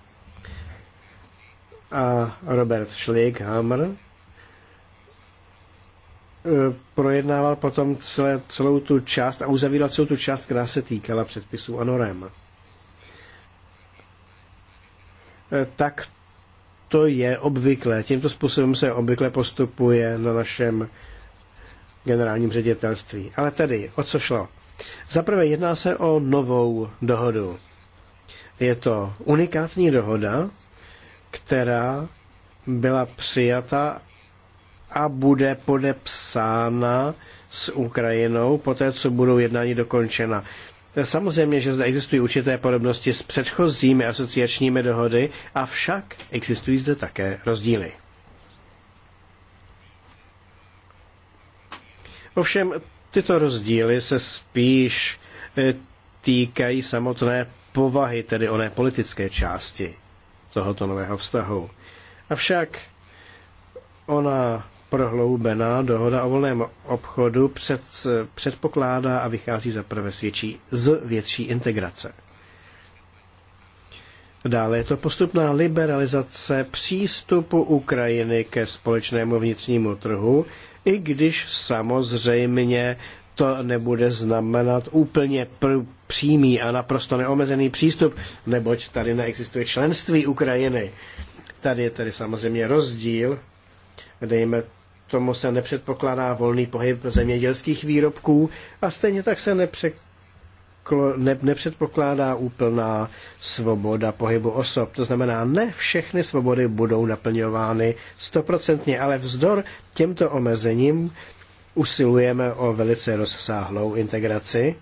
a Robert Schleghammer e, projednával potom celé, celou tu část a uzavíral celou tu část, která se týkala předpisů a norem. E, tak to je obvykle. Tímto způsobem se obvykle postupuje na našem generálním ředitelství. Ale tedy, o co šlo? Zaprvé jedná se o novou dohodu. Je to unikátní dohoda, která byla přijata a bude podepsána s Ukrajinou poté, co budou jednání dokončena. Samozřejmě, že zde existují určité podobnosti s předchozími asociačními dohody, avšak existují zde také rozdíly. Ovšem, tyto rozdíly se spíš eh, týkají samotné povahy, tedy oné politické části tohoto nového vztahu. Avšak ona prohloubená dohoda o volném obchodu před, předpokládá a vychází za prvé svědčí z větší integrace. Dále je to postupná liberalizace přístupu Ukrajiny ke společnému vnitřnímu trhu, i když samozřejmě to nebude znamenat úplně pr- přímý a naprosto neomezený přístup, neboť tady neexistuje členství Ukrajiny. Tady je tady samozřejmě rozdíl, dejme tomu se nepředpokládá volný pohyb zemědělských výrobků a stejně tak se nepřeklo, ne, nepředpokládá úplná svoboda pohybu osob. To znamená, ne všechny svobody budou naplňovány stoprocentně, ale vzdor těmto omezením usilujeme o velice rozsáhlou integraci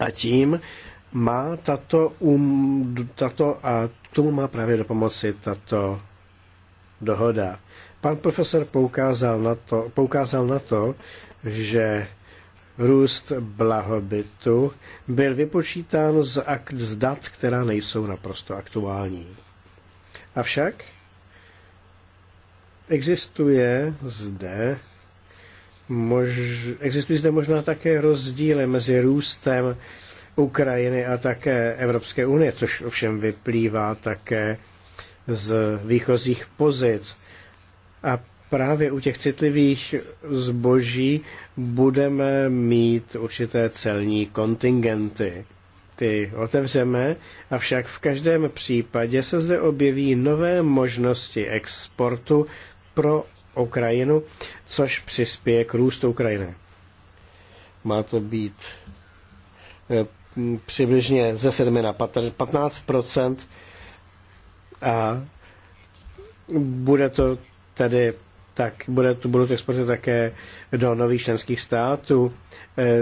a tím má tato, um, tato a tomu má právě do pomoci tato dohoda. Pan profesor poukázal na to, poukázal na to že růst blahobytu byl vypočítán z, akt, z dat, která nejsou naprosto aktuální. Avšak existuje zde Mož, existují zde možná také rozdíly mezi růstem Ukrajiny a také Evropské unie, což ovšem vyplývá také z výchozích pozic. A právě u těch citlivých zboží budeme mít určité celní kontingenty. Ty otevřeme, avšak v každém případě se zde objeví nové možnosti exportu pro Ukrajinu, což přispěje k růstu Ukrajiny. Má to být eh, přibližně ze 7 na 15 a bude to tedy tak bude, to budou to exporty také do nových členských států. Eh,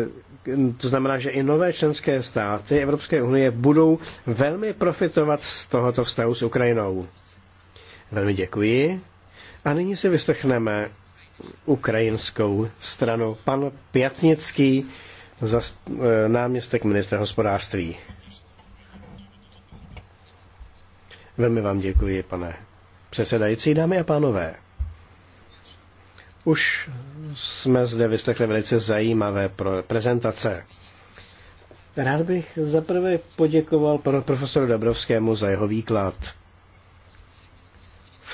to znamená, že i nové členské státy Evropské unie budou velmi profitovat z tohoto vztahu s Ukrajinou. Velmi děkuji. A nyní si vyslechneme ukrajinskou stranu. Pan Pětnický, e, náměstek ministra hospodářství. Velmi vám děkuji, pane předsedající, dámy a pánové. Už jsme zde vyslechli velice zajímavé prezentace. Rád bych zaprvé poděkoval panu profesoru Dabrovskému za jeho výklad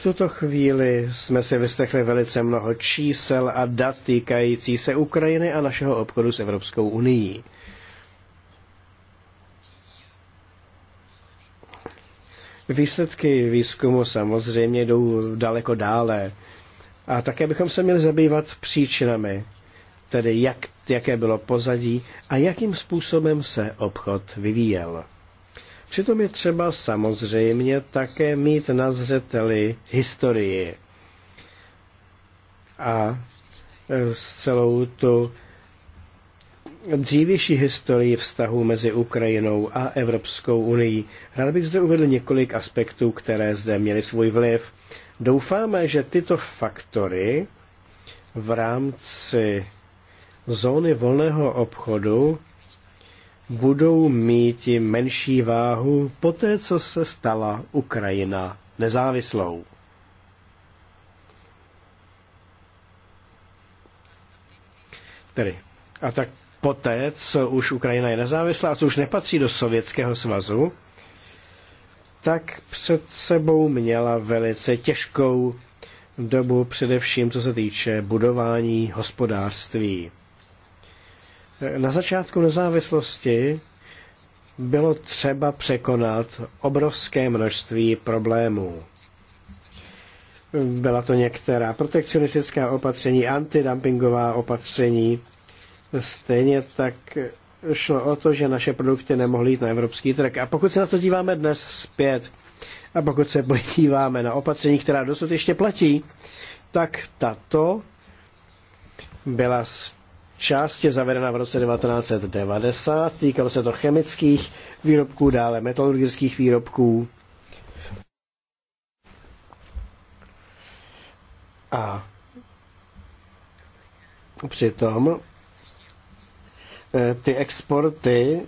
tuto chvíli jsme si vyslechli velice mnoho čísel a dat týkající se Ukrajiny a našeho obchodu s Evropskou unii. Výsledky výzkumu samozřejmě jdou daleko dále. A také bychom se měli zabývat příčinami, tedy jak, jaké bylo pozadí a jakým způsobem se obchod vyvíjel. Přitom je třeba samozřejmě také mít na zřeteli historii a e, celou tu dřívější historii vztahu mezi Ukrajinou a Evropskou unii. Rád bych zde uvedl několik aspektů, které zde měly svůj vliv. Doufáme, že tyto faktory v rámci zóny volného obchodu budou mít menší váhu po té, co se stala Ukrajina nezávislou. Tedy, a tak poté, co už Ukrajina je nezávislá a co už nepatří do Sovětského svazu, tak před sebou měla velice těžkou dobu, především co se týče budování hospodářství. Na začátku nezávislosti bylo třeba překonat obrovské množství problémů. Byla to některá protekcionistická opatření, antidumpingová opatření. Stejně tak šlo o to, že naše produkty nemohly jít na evropský trh. A pokud se na to díváme dnes zpět, a pokud se podíváme na opatření, která dosud ještě platí, tak tato byla část je zavedena v roce 1990, týkalo se to chemických výrobků, dále metalurgických výrobků. A přitom eh, ty exporty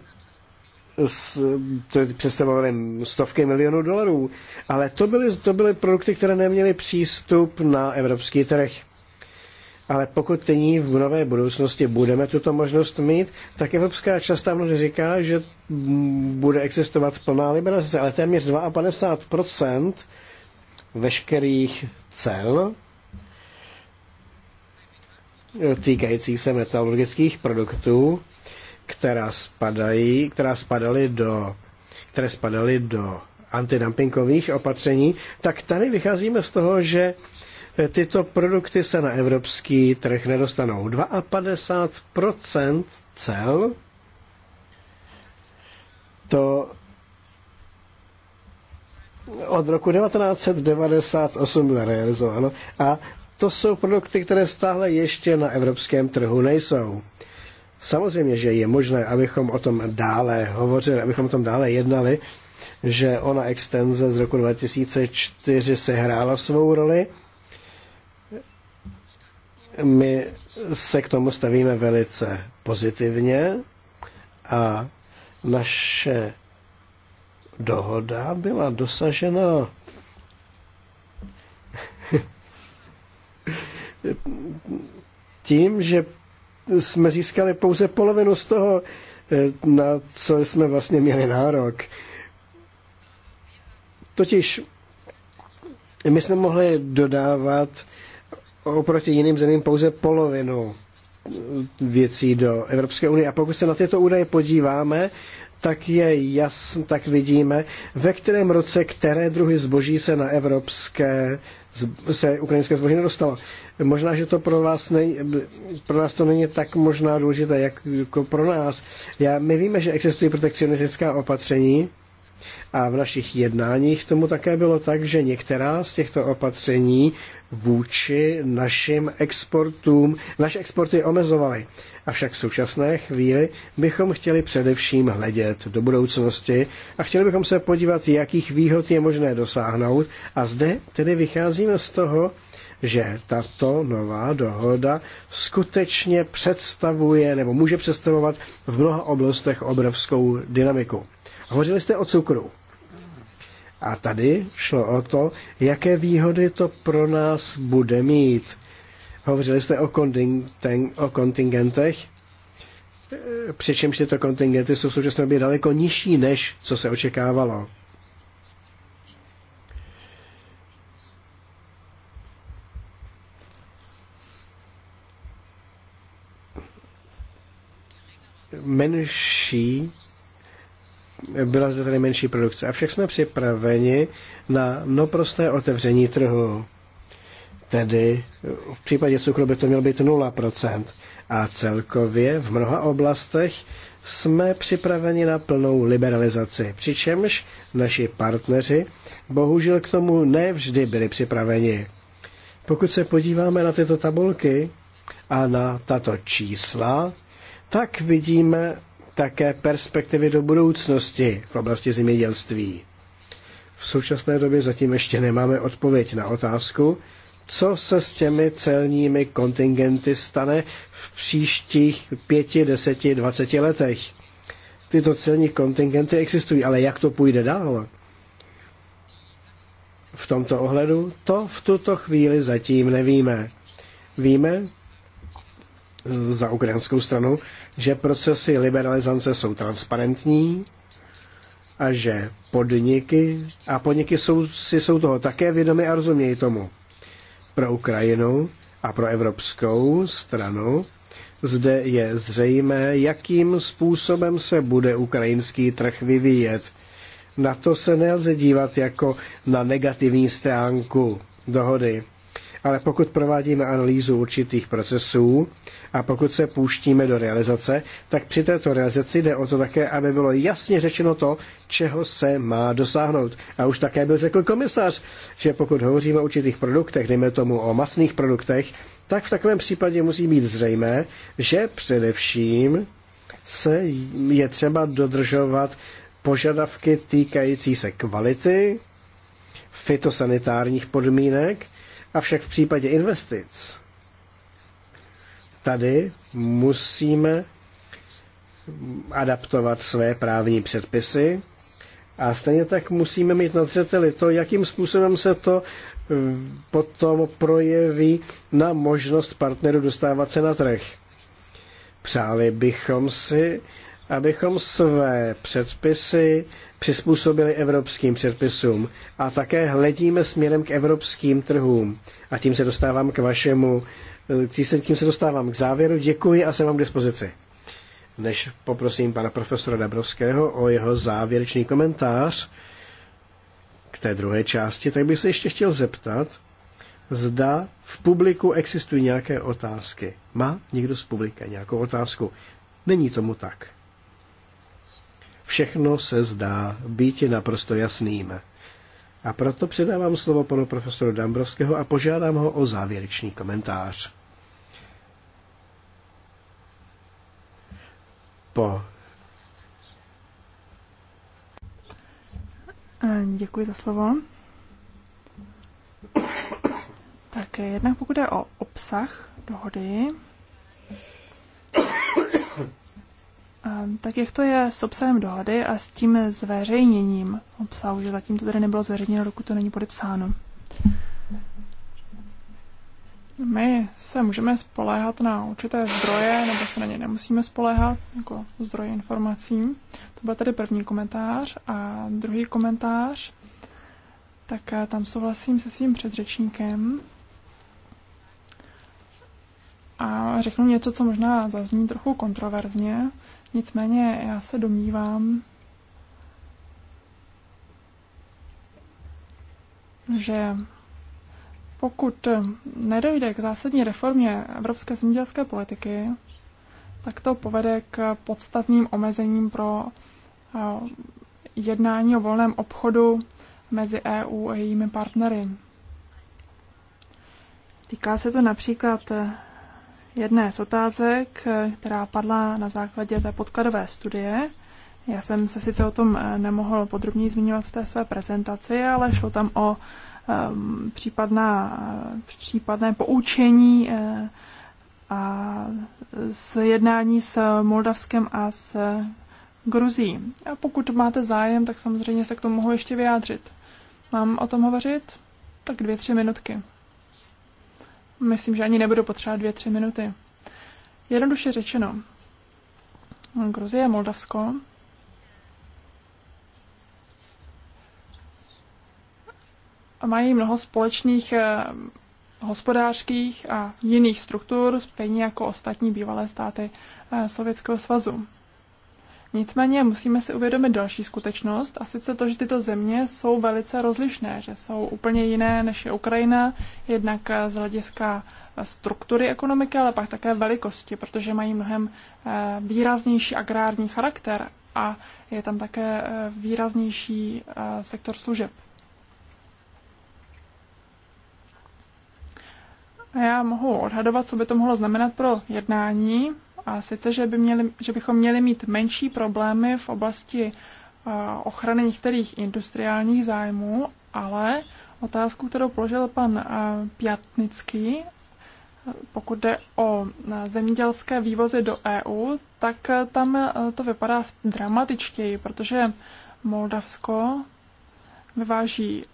to představovaly stovky milionů dolarů, ale to byly, to byly produkty, které neměly přístup na evropský trh ale pokud nyní v nové budoucnosti budeme tuto možnost mít, tak Evropská část tam říká, že bude existovat plná liberalizace, ale téměř 52% veškerých cel týkajících se metalurgických produktů, která, spadají, která spadaly do, které spadaly do antidumpingových opatření, tak tady vycházíme z toho, že tyto produkty se na evropský trh nedostanou. 52% cel to od roku 1998 realizováno. a to jsou produkty, které stále ještě na evropském trhu nejsou. Samozřejmě, že je možné, abychom o tom dále hovořili, abychom o tom dále jednali, že ona extenze z roku 2004 se hrála svou roli, my se k tomu stavíme velice pozitivně a naše dohoda byla dosažena tím, že jsme získali pouze polovinu z toho, eh, na co jsme vlastně měli nárok. Totiž my jsme mohli dodávat oproti jiným zemím pouze polovinu věcí do Evropské unie. A pokud se na tyto údaje podíváme, tak je jasn, tak vidíme, ve kterém roce které druhy zboží se na evropské, se ukrajinské zboží nedostalo. Možná, že to pro vás, ne, pro nás to není tak možná důležité, jak, jako pro nás. Já, my víme, že existují protekcionistická opatření, a v našich jednáních tomu také bylo tak, že některá z těchto opatření vůči našim exportům, naše exporty omezovaly. Avšak v současné chvíli bychom chtěli především hledět do budoucnosti a chtěli bychom se podívat, jakých výhod je možné dosáhnout. A zde tedy vycházíme z toho, že tato nová dohoda skutečně představuje nebo může představovat v mnoha oblastech obrovskou dynamiku. Hovořili jste o cukru. A tady šlo o to, jaké výhody to pro nás bude mít. Hovořili jste o, kontingen, o kontingentech, přičemž tyto kontingenty jsou v současné době daleko nižší, než co se očekávalo. Menší byla zde tady menší produkce. Avšak jsme připraveni na naprosté otevření trhu. Tedy v případě cukru by to mělo být 0%. A celkově v mnoha oblastech jsme připraveni na plnou liberalizaci. Přičemž naši partneři bohužel k tomu nevždy byli připraveni. Pokud se podíváme na tyto tabulky a na tato čísla, tak vidíme také perspektivy do budoucnosti v oblasti zemědělství. V současné době zatím ještě nemáme odpověď na otázku, co se s těmi celními kontingenty stane v příštích pěti, deseti, dvaceti letech. Tyto celní kontingenty existují, ale jak to půjde dál? V tomto ohledu to v tuto chvíli zatím nevíme. Víme, Eh, za ukrajinskou stranu, že procesy liberalizace jsou transparentní a že podniky, a podniky jsou, si jsou toho také vědomi a rozumějí tomu. Pro Ukrajinu a pro evropskou stranu zde je zřejmé, jakým způsobem se bude ukrajinský trh vyvíjet. Na to se nelze dívat jako na negativní stránku dohody ale pokud provádíme analýzu určitých procesů a pokud se půjštíme do realizace, tak při této realizaci jde o to také, aby bylo jasně řečeno to, čeho se má dosáhnout. A už také byl řekl komisař, že pokud hovoříme o určitých produktech, dejme tomu o masných produktech, tak v takovém případě musí být zřejmé, že především se je třeba dodržovat požadavky týkající se kvality, fitosanitárních podmínek Avšak v případě investic tady musíme adaptovat své právní předpisy a stejně tak musíme mít na zřeteli to, jakým způsobem se to eh, potom projeví na možnost partnerů dostávat se na trh. Přáli bychom si, abychom své předpisy přizpůsobili evropským předpisům a také hledíme směrem k evropským trhům. A tím se dostávám k vašemu, eh, tím se dostávám k závěru. Děkuji a jsem vám k dispozici. Než poprosím pana profesora Dabrovského o jeho závěrečný komentář k té druhé části, tak bych se ještě chtěl zeptat, zda v publiku existují nějaké otázky. Má někdo z publika nějakou otázku? Není tomu tak. Všechno se zdá být naprosto jasným. A proto předávám slovo panu profesoru Dambrovského a požádám ho o závěrečný komentář. Po Děkuji za slovo. Tak jednak pokud je o obsah dohody, tak jak to je s obsahem dohody a s tím zveřejněním obsahu, že zatím to tady nebylo zveřejněno, dokud to není podepsáno? My se můžeme spoléhat na určité zdroje, nebo se na ně nemusíme spoléhat, jako zdroje informací. To byl tedy první komentář. A druhý komentář, tak eh, tam souhlasím se svým předřečníkem. A řeknu něco, co možná zazní trochu kontroverzně, Nicméně já se domnívám, že pokud nedojde k zásadní reformě evropské zemědělské politiky, tak to povede k podstatným omezením pro eh, jednání o volném obchodu mezi EU a jejími partnery. Týká se to například eh, jedné z otázek, která padla na základě té podkladové studie. Já jsem se sice o tom eh, nemohl podrobněji zmiňovat v té své prezentaci, ale šlo tam o ehm, případná, případné poučení eh, a s jednání s Moldavskem a s Gruzí. A pokud máte zájem, tak samozřejmě se k tomu mohu ještě vyjádřit. Mám o tom hovořit? Tak dvě, tři minutky. Myslím, že ani nebudu potřebovat dvě, tři minuty. Jednoduše řečeno, Gruzie, Moldavsko, mají mnoho společných eh, hospodářských a jiných struktur, stejně jako ostatní bývalé státy eh, Sovětského svazu. Nicméně musíme si uvědomit další skutečnost, a sice to, že tyto země jsou velice rozlišné, že jsou úplně jiné než je Ukrajina, jednak eh, z hlediska eh, struktury ekonomiky, ale pak také velikosti, protože mají mnohem eh, výraznější agrární charakter a je tam také výraznější sektor služeb. A já mohu odhadovat, co by to mohlo znamenat pro jednání a sice, že, by měli, že bychom měli mít menší problémy v oblasti eh, ochrany některých industriálních zájmů, ale otázku, kterou položil pan eh, Pjatnický, pokud jde o eh, zemědělské vývozy do EU, tak tam to vypadá dramatičtěji, protože Moldavsko vyváží,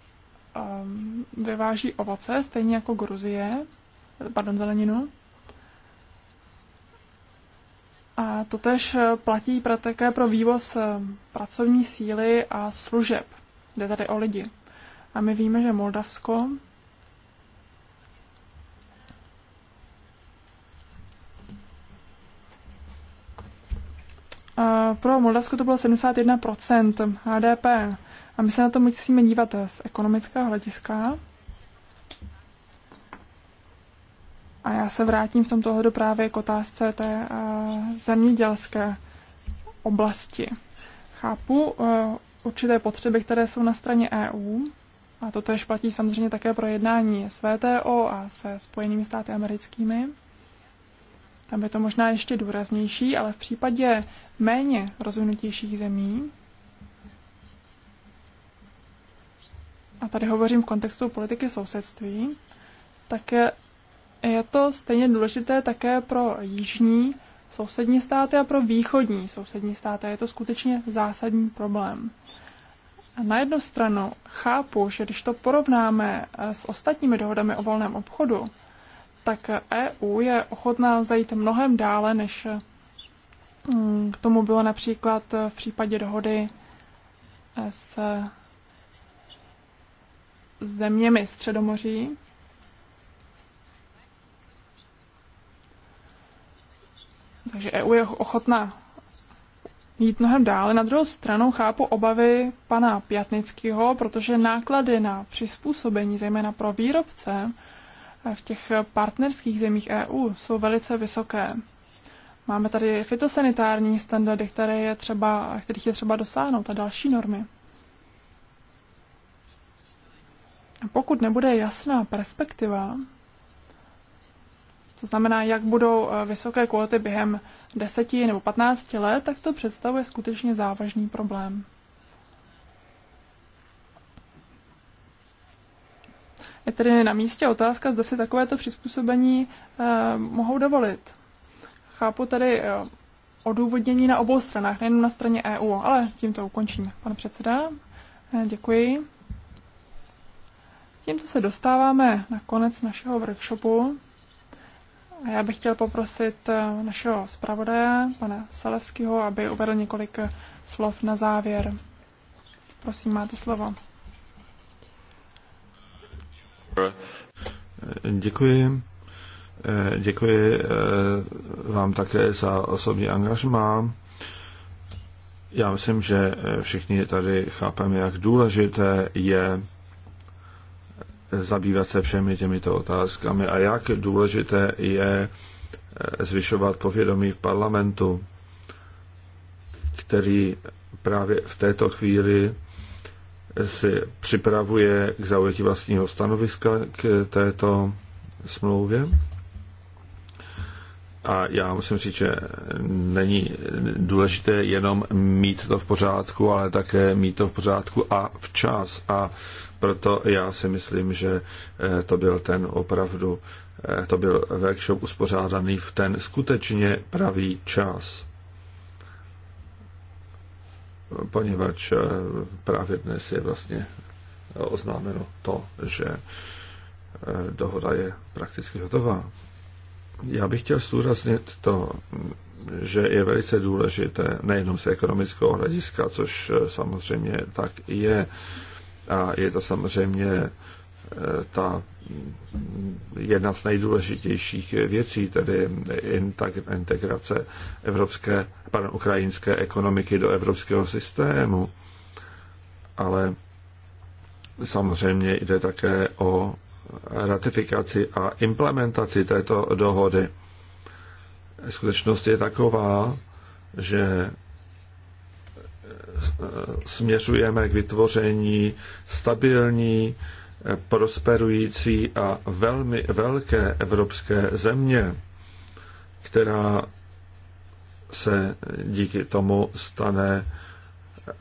vyváží ovoce, stejně jako Gruzie, pardon, zeleninu, a to tež eh, platí pro také pro vývoz eh, pracovní síly a služeb. Jde tady o lidi. A my víme, že Moldavsko Pro Moldavsko to bylo 71% HDP. A my se na to musíme dívat eh, z ekonomického hlediska. A já se vrátím v tomto hledu právě k otázce té eh, zemědělské oblasti. Chápu eh, určité potřeby, které jsou na straně EU, a to tež platí samozřejmě také pro jednání s VTO a se Spojenými státy americkými. Tam je to možná ještě důraznější, ale v případě méně rozvinutějších zemí, a tady hovořím v kontextu politiky sousedství, tak je to stejně důležité také pro jižní sousední státy a pro východní sousední státy. Je to skutečně zásadní problém. Na jednu stranu chápu, že když to porovnáme s ostatními dohodami o volném obchodu, tak EU je ochotná zajít mnohem dále, než mm, k tomu bylo například v případě dohody s zeměmi Středomoří. Takže EU je ochotná jít mnohem dále. Na druhou stranu chápu obavy pana Pjatnického, protože náklady na přizpůsobení, zejména pro výrobce, eh, v těch partnerských zemích EU jsou velice vysoké. Máme tady fitosanitární standardy, které je třeba, kterých je třeba dosáhnout a další normy. Pokud nebude jasná perspektiva, to znamená, jak budou eh, vysoké kvóty během 10 nebo 15 let, tak to představuje skutečně závažný problém. Je tedy na místě otázka, zda si takovéto přizpůsobení eh, mohou dovolit. Chápu tady eh, odůvodnění na obou stranách, nejen na straně EU, ale tímto ukončím. Pane předseda, eh, děkuji. Tímto se dostáváme na konec našeho workshopu. A Já bych chtěl poprosit eh, našeho zpravodaje, pana Salevského, aby uvedl několik eh, slov na závěr. Prosím, máte slovo. Děkuji. Eh, děkuji vám také za osobní angažmá. Já myslím, že všichni tady chápeme, jak důležité je zabývat se všemi těmito otázkami a jak důležité je eh, zvyšovat povědomí v parlamentu, který právě v této chvíli si připravuje k zaujetí vlastního stanoviska k této smlouvě. A já musím říct, že není důležité jenom mít to v pořádku, ale také mít to v pořádku a včas. A proto já si myslím, že eh, to byl ten opravdu, eh, to byl workshop uspořádaný v ten skutečně pravý čas. Poněvadž eh, právě dnes je vlastně oznámeno to, že dohoda je prakticky hotová. Já bych chtěl zdůraznit to, že je velice důležité nejenom z ekonomického hlediska, což eh, samozřejmě tak je, a je to samozřejmě eh, ta mm, jedna z nejdůležitějších věcí, tedy integrace evropské, pardon, ukrajinské ekonomiky do evropského systému. Ale samozřejmě jde také o ratifikaci a implementaci této dohody. Skutečnost je taková, že e, směřujeme k vytvoření stabilní, e, prosperující a velmi velké evropské země, která se díky tomu stane e,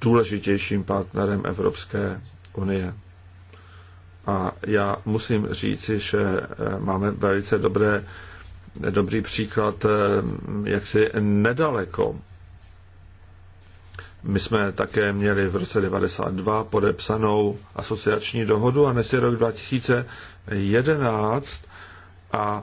důležitějším partnerem Evropské unie. A já musím říci, že eh, máme velice dobré, dobrý příklad, eh, jak si nedaleko. My jsme také měli v roce 1992 podepsanou asociační dohodu a dnes je rok 2011 a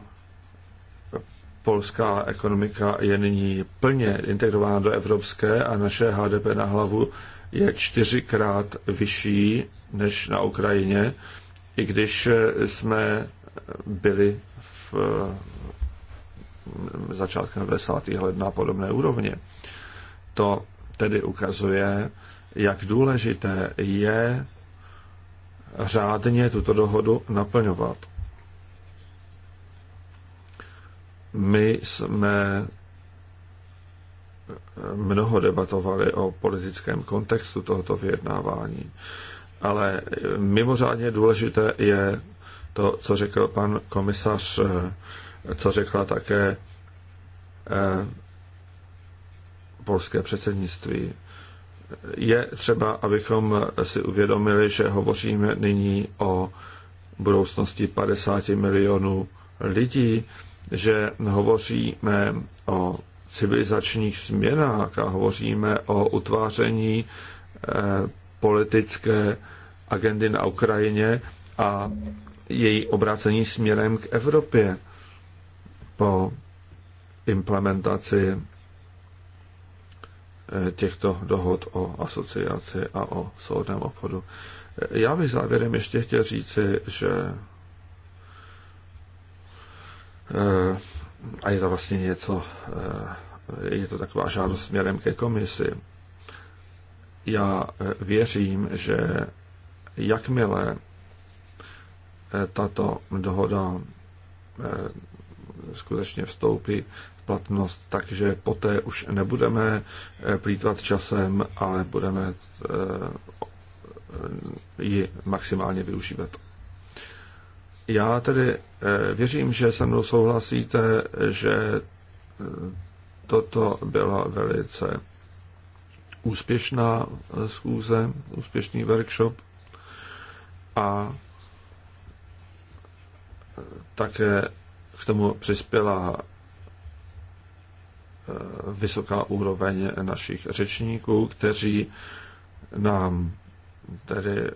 polská ekonomika je nyní plně integrována do evropské a naše HDP na hlavu je čtyřikrát vyšší než na Ukrajině i když eh, jsme byli v eh, začátkem 90. let na podobné úrovni. To tedy ukazuje, jak důležité je řádně tuto dohodu naplňovat. My jsme mnoho debatovali o politickém kontextu tohoto vyjednávání ale eh, mimořádně důležité je to, co řekl pan komisař, eh, co řekla také eh, polské předsednictví. Je třeba, abychom si uvědomili, že hovoříme nyní o budoucnosti 50 milionů lidí, že hovoříme o civilizačních změnách a hovoříme o utváření politické agendy na Ukrajině a její obrácení směrem k Evropě po implementaci eh, těchto dohod o asociaci a o soudném obchodu. Eh, já bych závěrem ještě chtěl říci, že eh, a je to vlastně něco, je to taková žádost směrem ke komisi, já eh, věřím, že jakmile eh, tato dohoda eh, skutečně vstoupí v platnost, takže poté už nebudeme plítvat časem, ale budeme ji maximálně využívat. Já tedy věřím, že se mnou souhlasíte, že toto byla velice úspěšná eh, schůze, úspěšný workshop a eh, také k tomu přispěla eh, vysoká úroveň našich řečníků, kteří nám tedy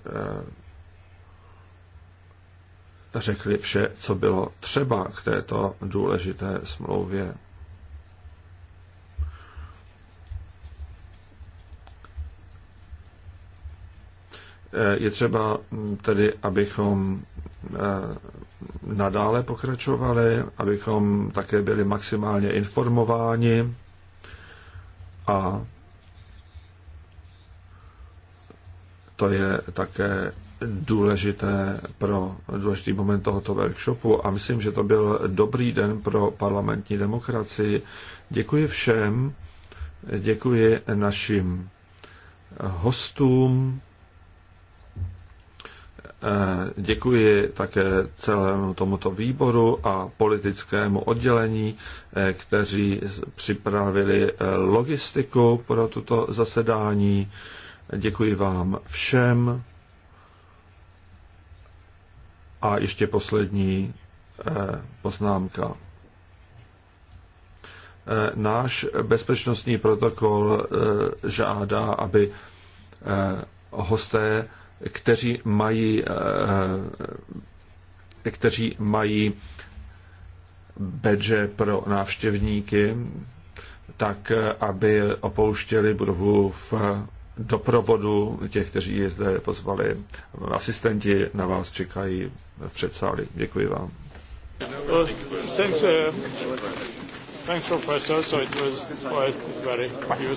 řekli vše, co bylo třeba k této důležité smlouvě. Eh, je třeba mm, tedy, abychom eh, nadále pokračovali, abychom také byli maximálně informováni a to je také důležité pro důležitý moment tohoto workshopu a myslím, že to byl dobrý den pro parlamentní demokracii. Děkuji všem, děkuji našim hostům, Eh, děkuji také celému tomuto výboru a politickému oddělení, eh, kteří připravili eh, logistiku pro toto zasedání. Děkuji vám všem. A ještě poslední poznámka. Náš bezpečnostní protokol žádá, aby hosté kteří mají, eh, kteří mají bedže pro návštěvníky, tak aby opouštěli budovu v doprovodu těch, kteří je zde pozvali. Asistenti na vás čekají v předsáli. Děkuji vám. Well, thanks, uh, thanks professor. So it was quite very useful.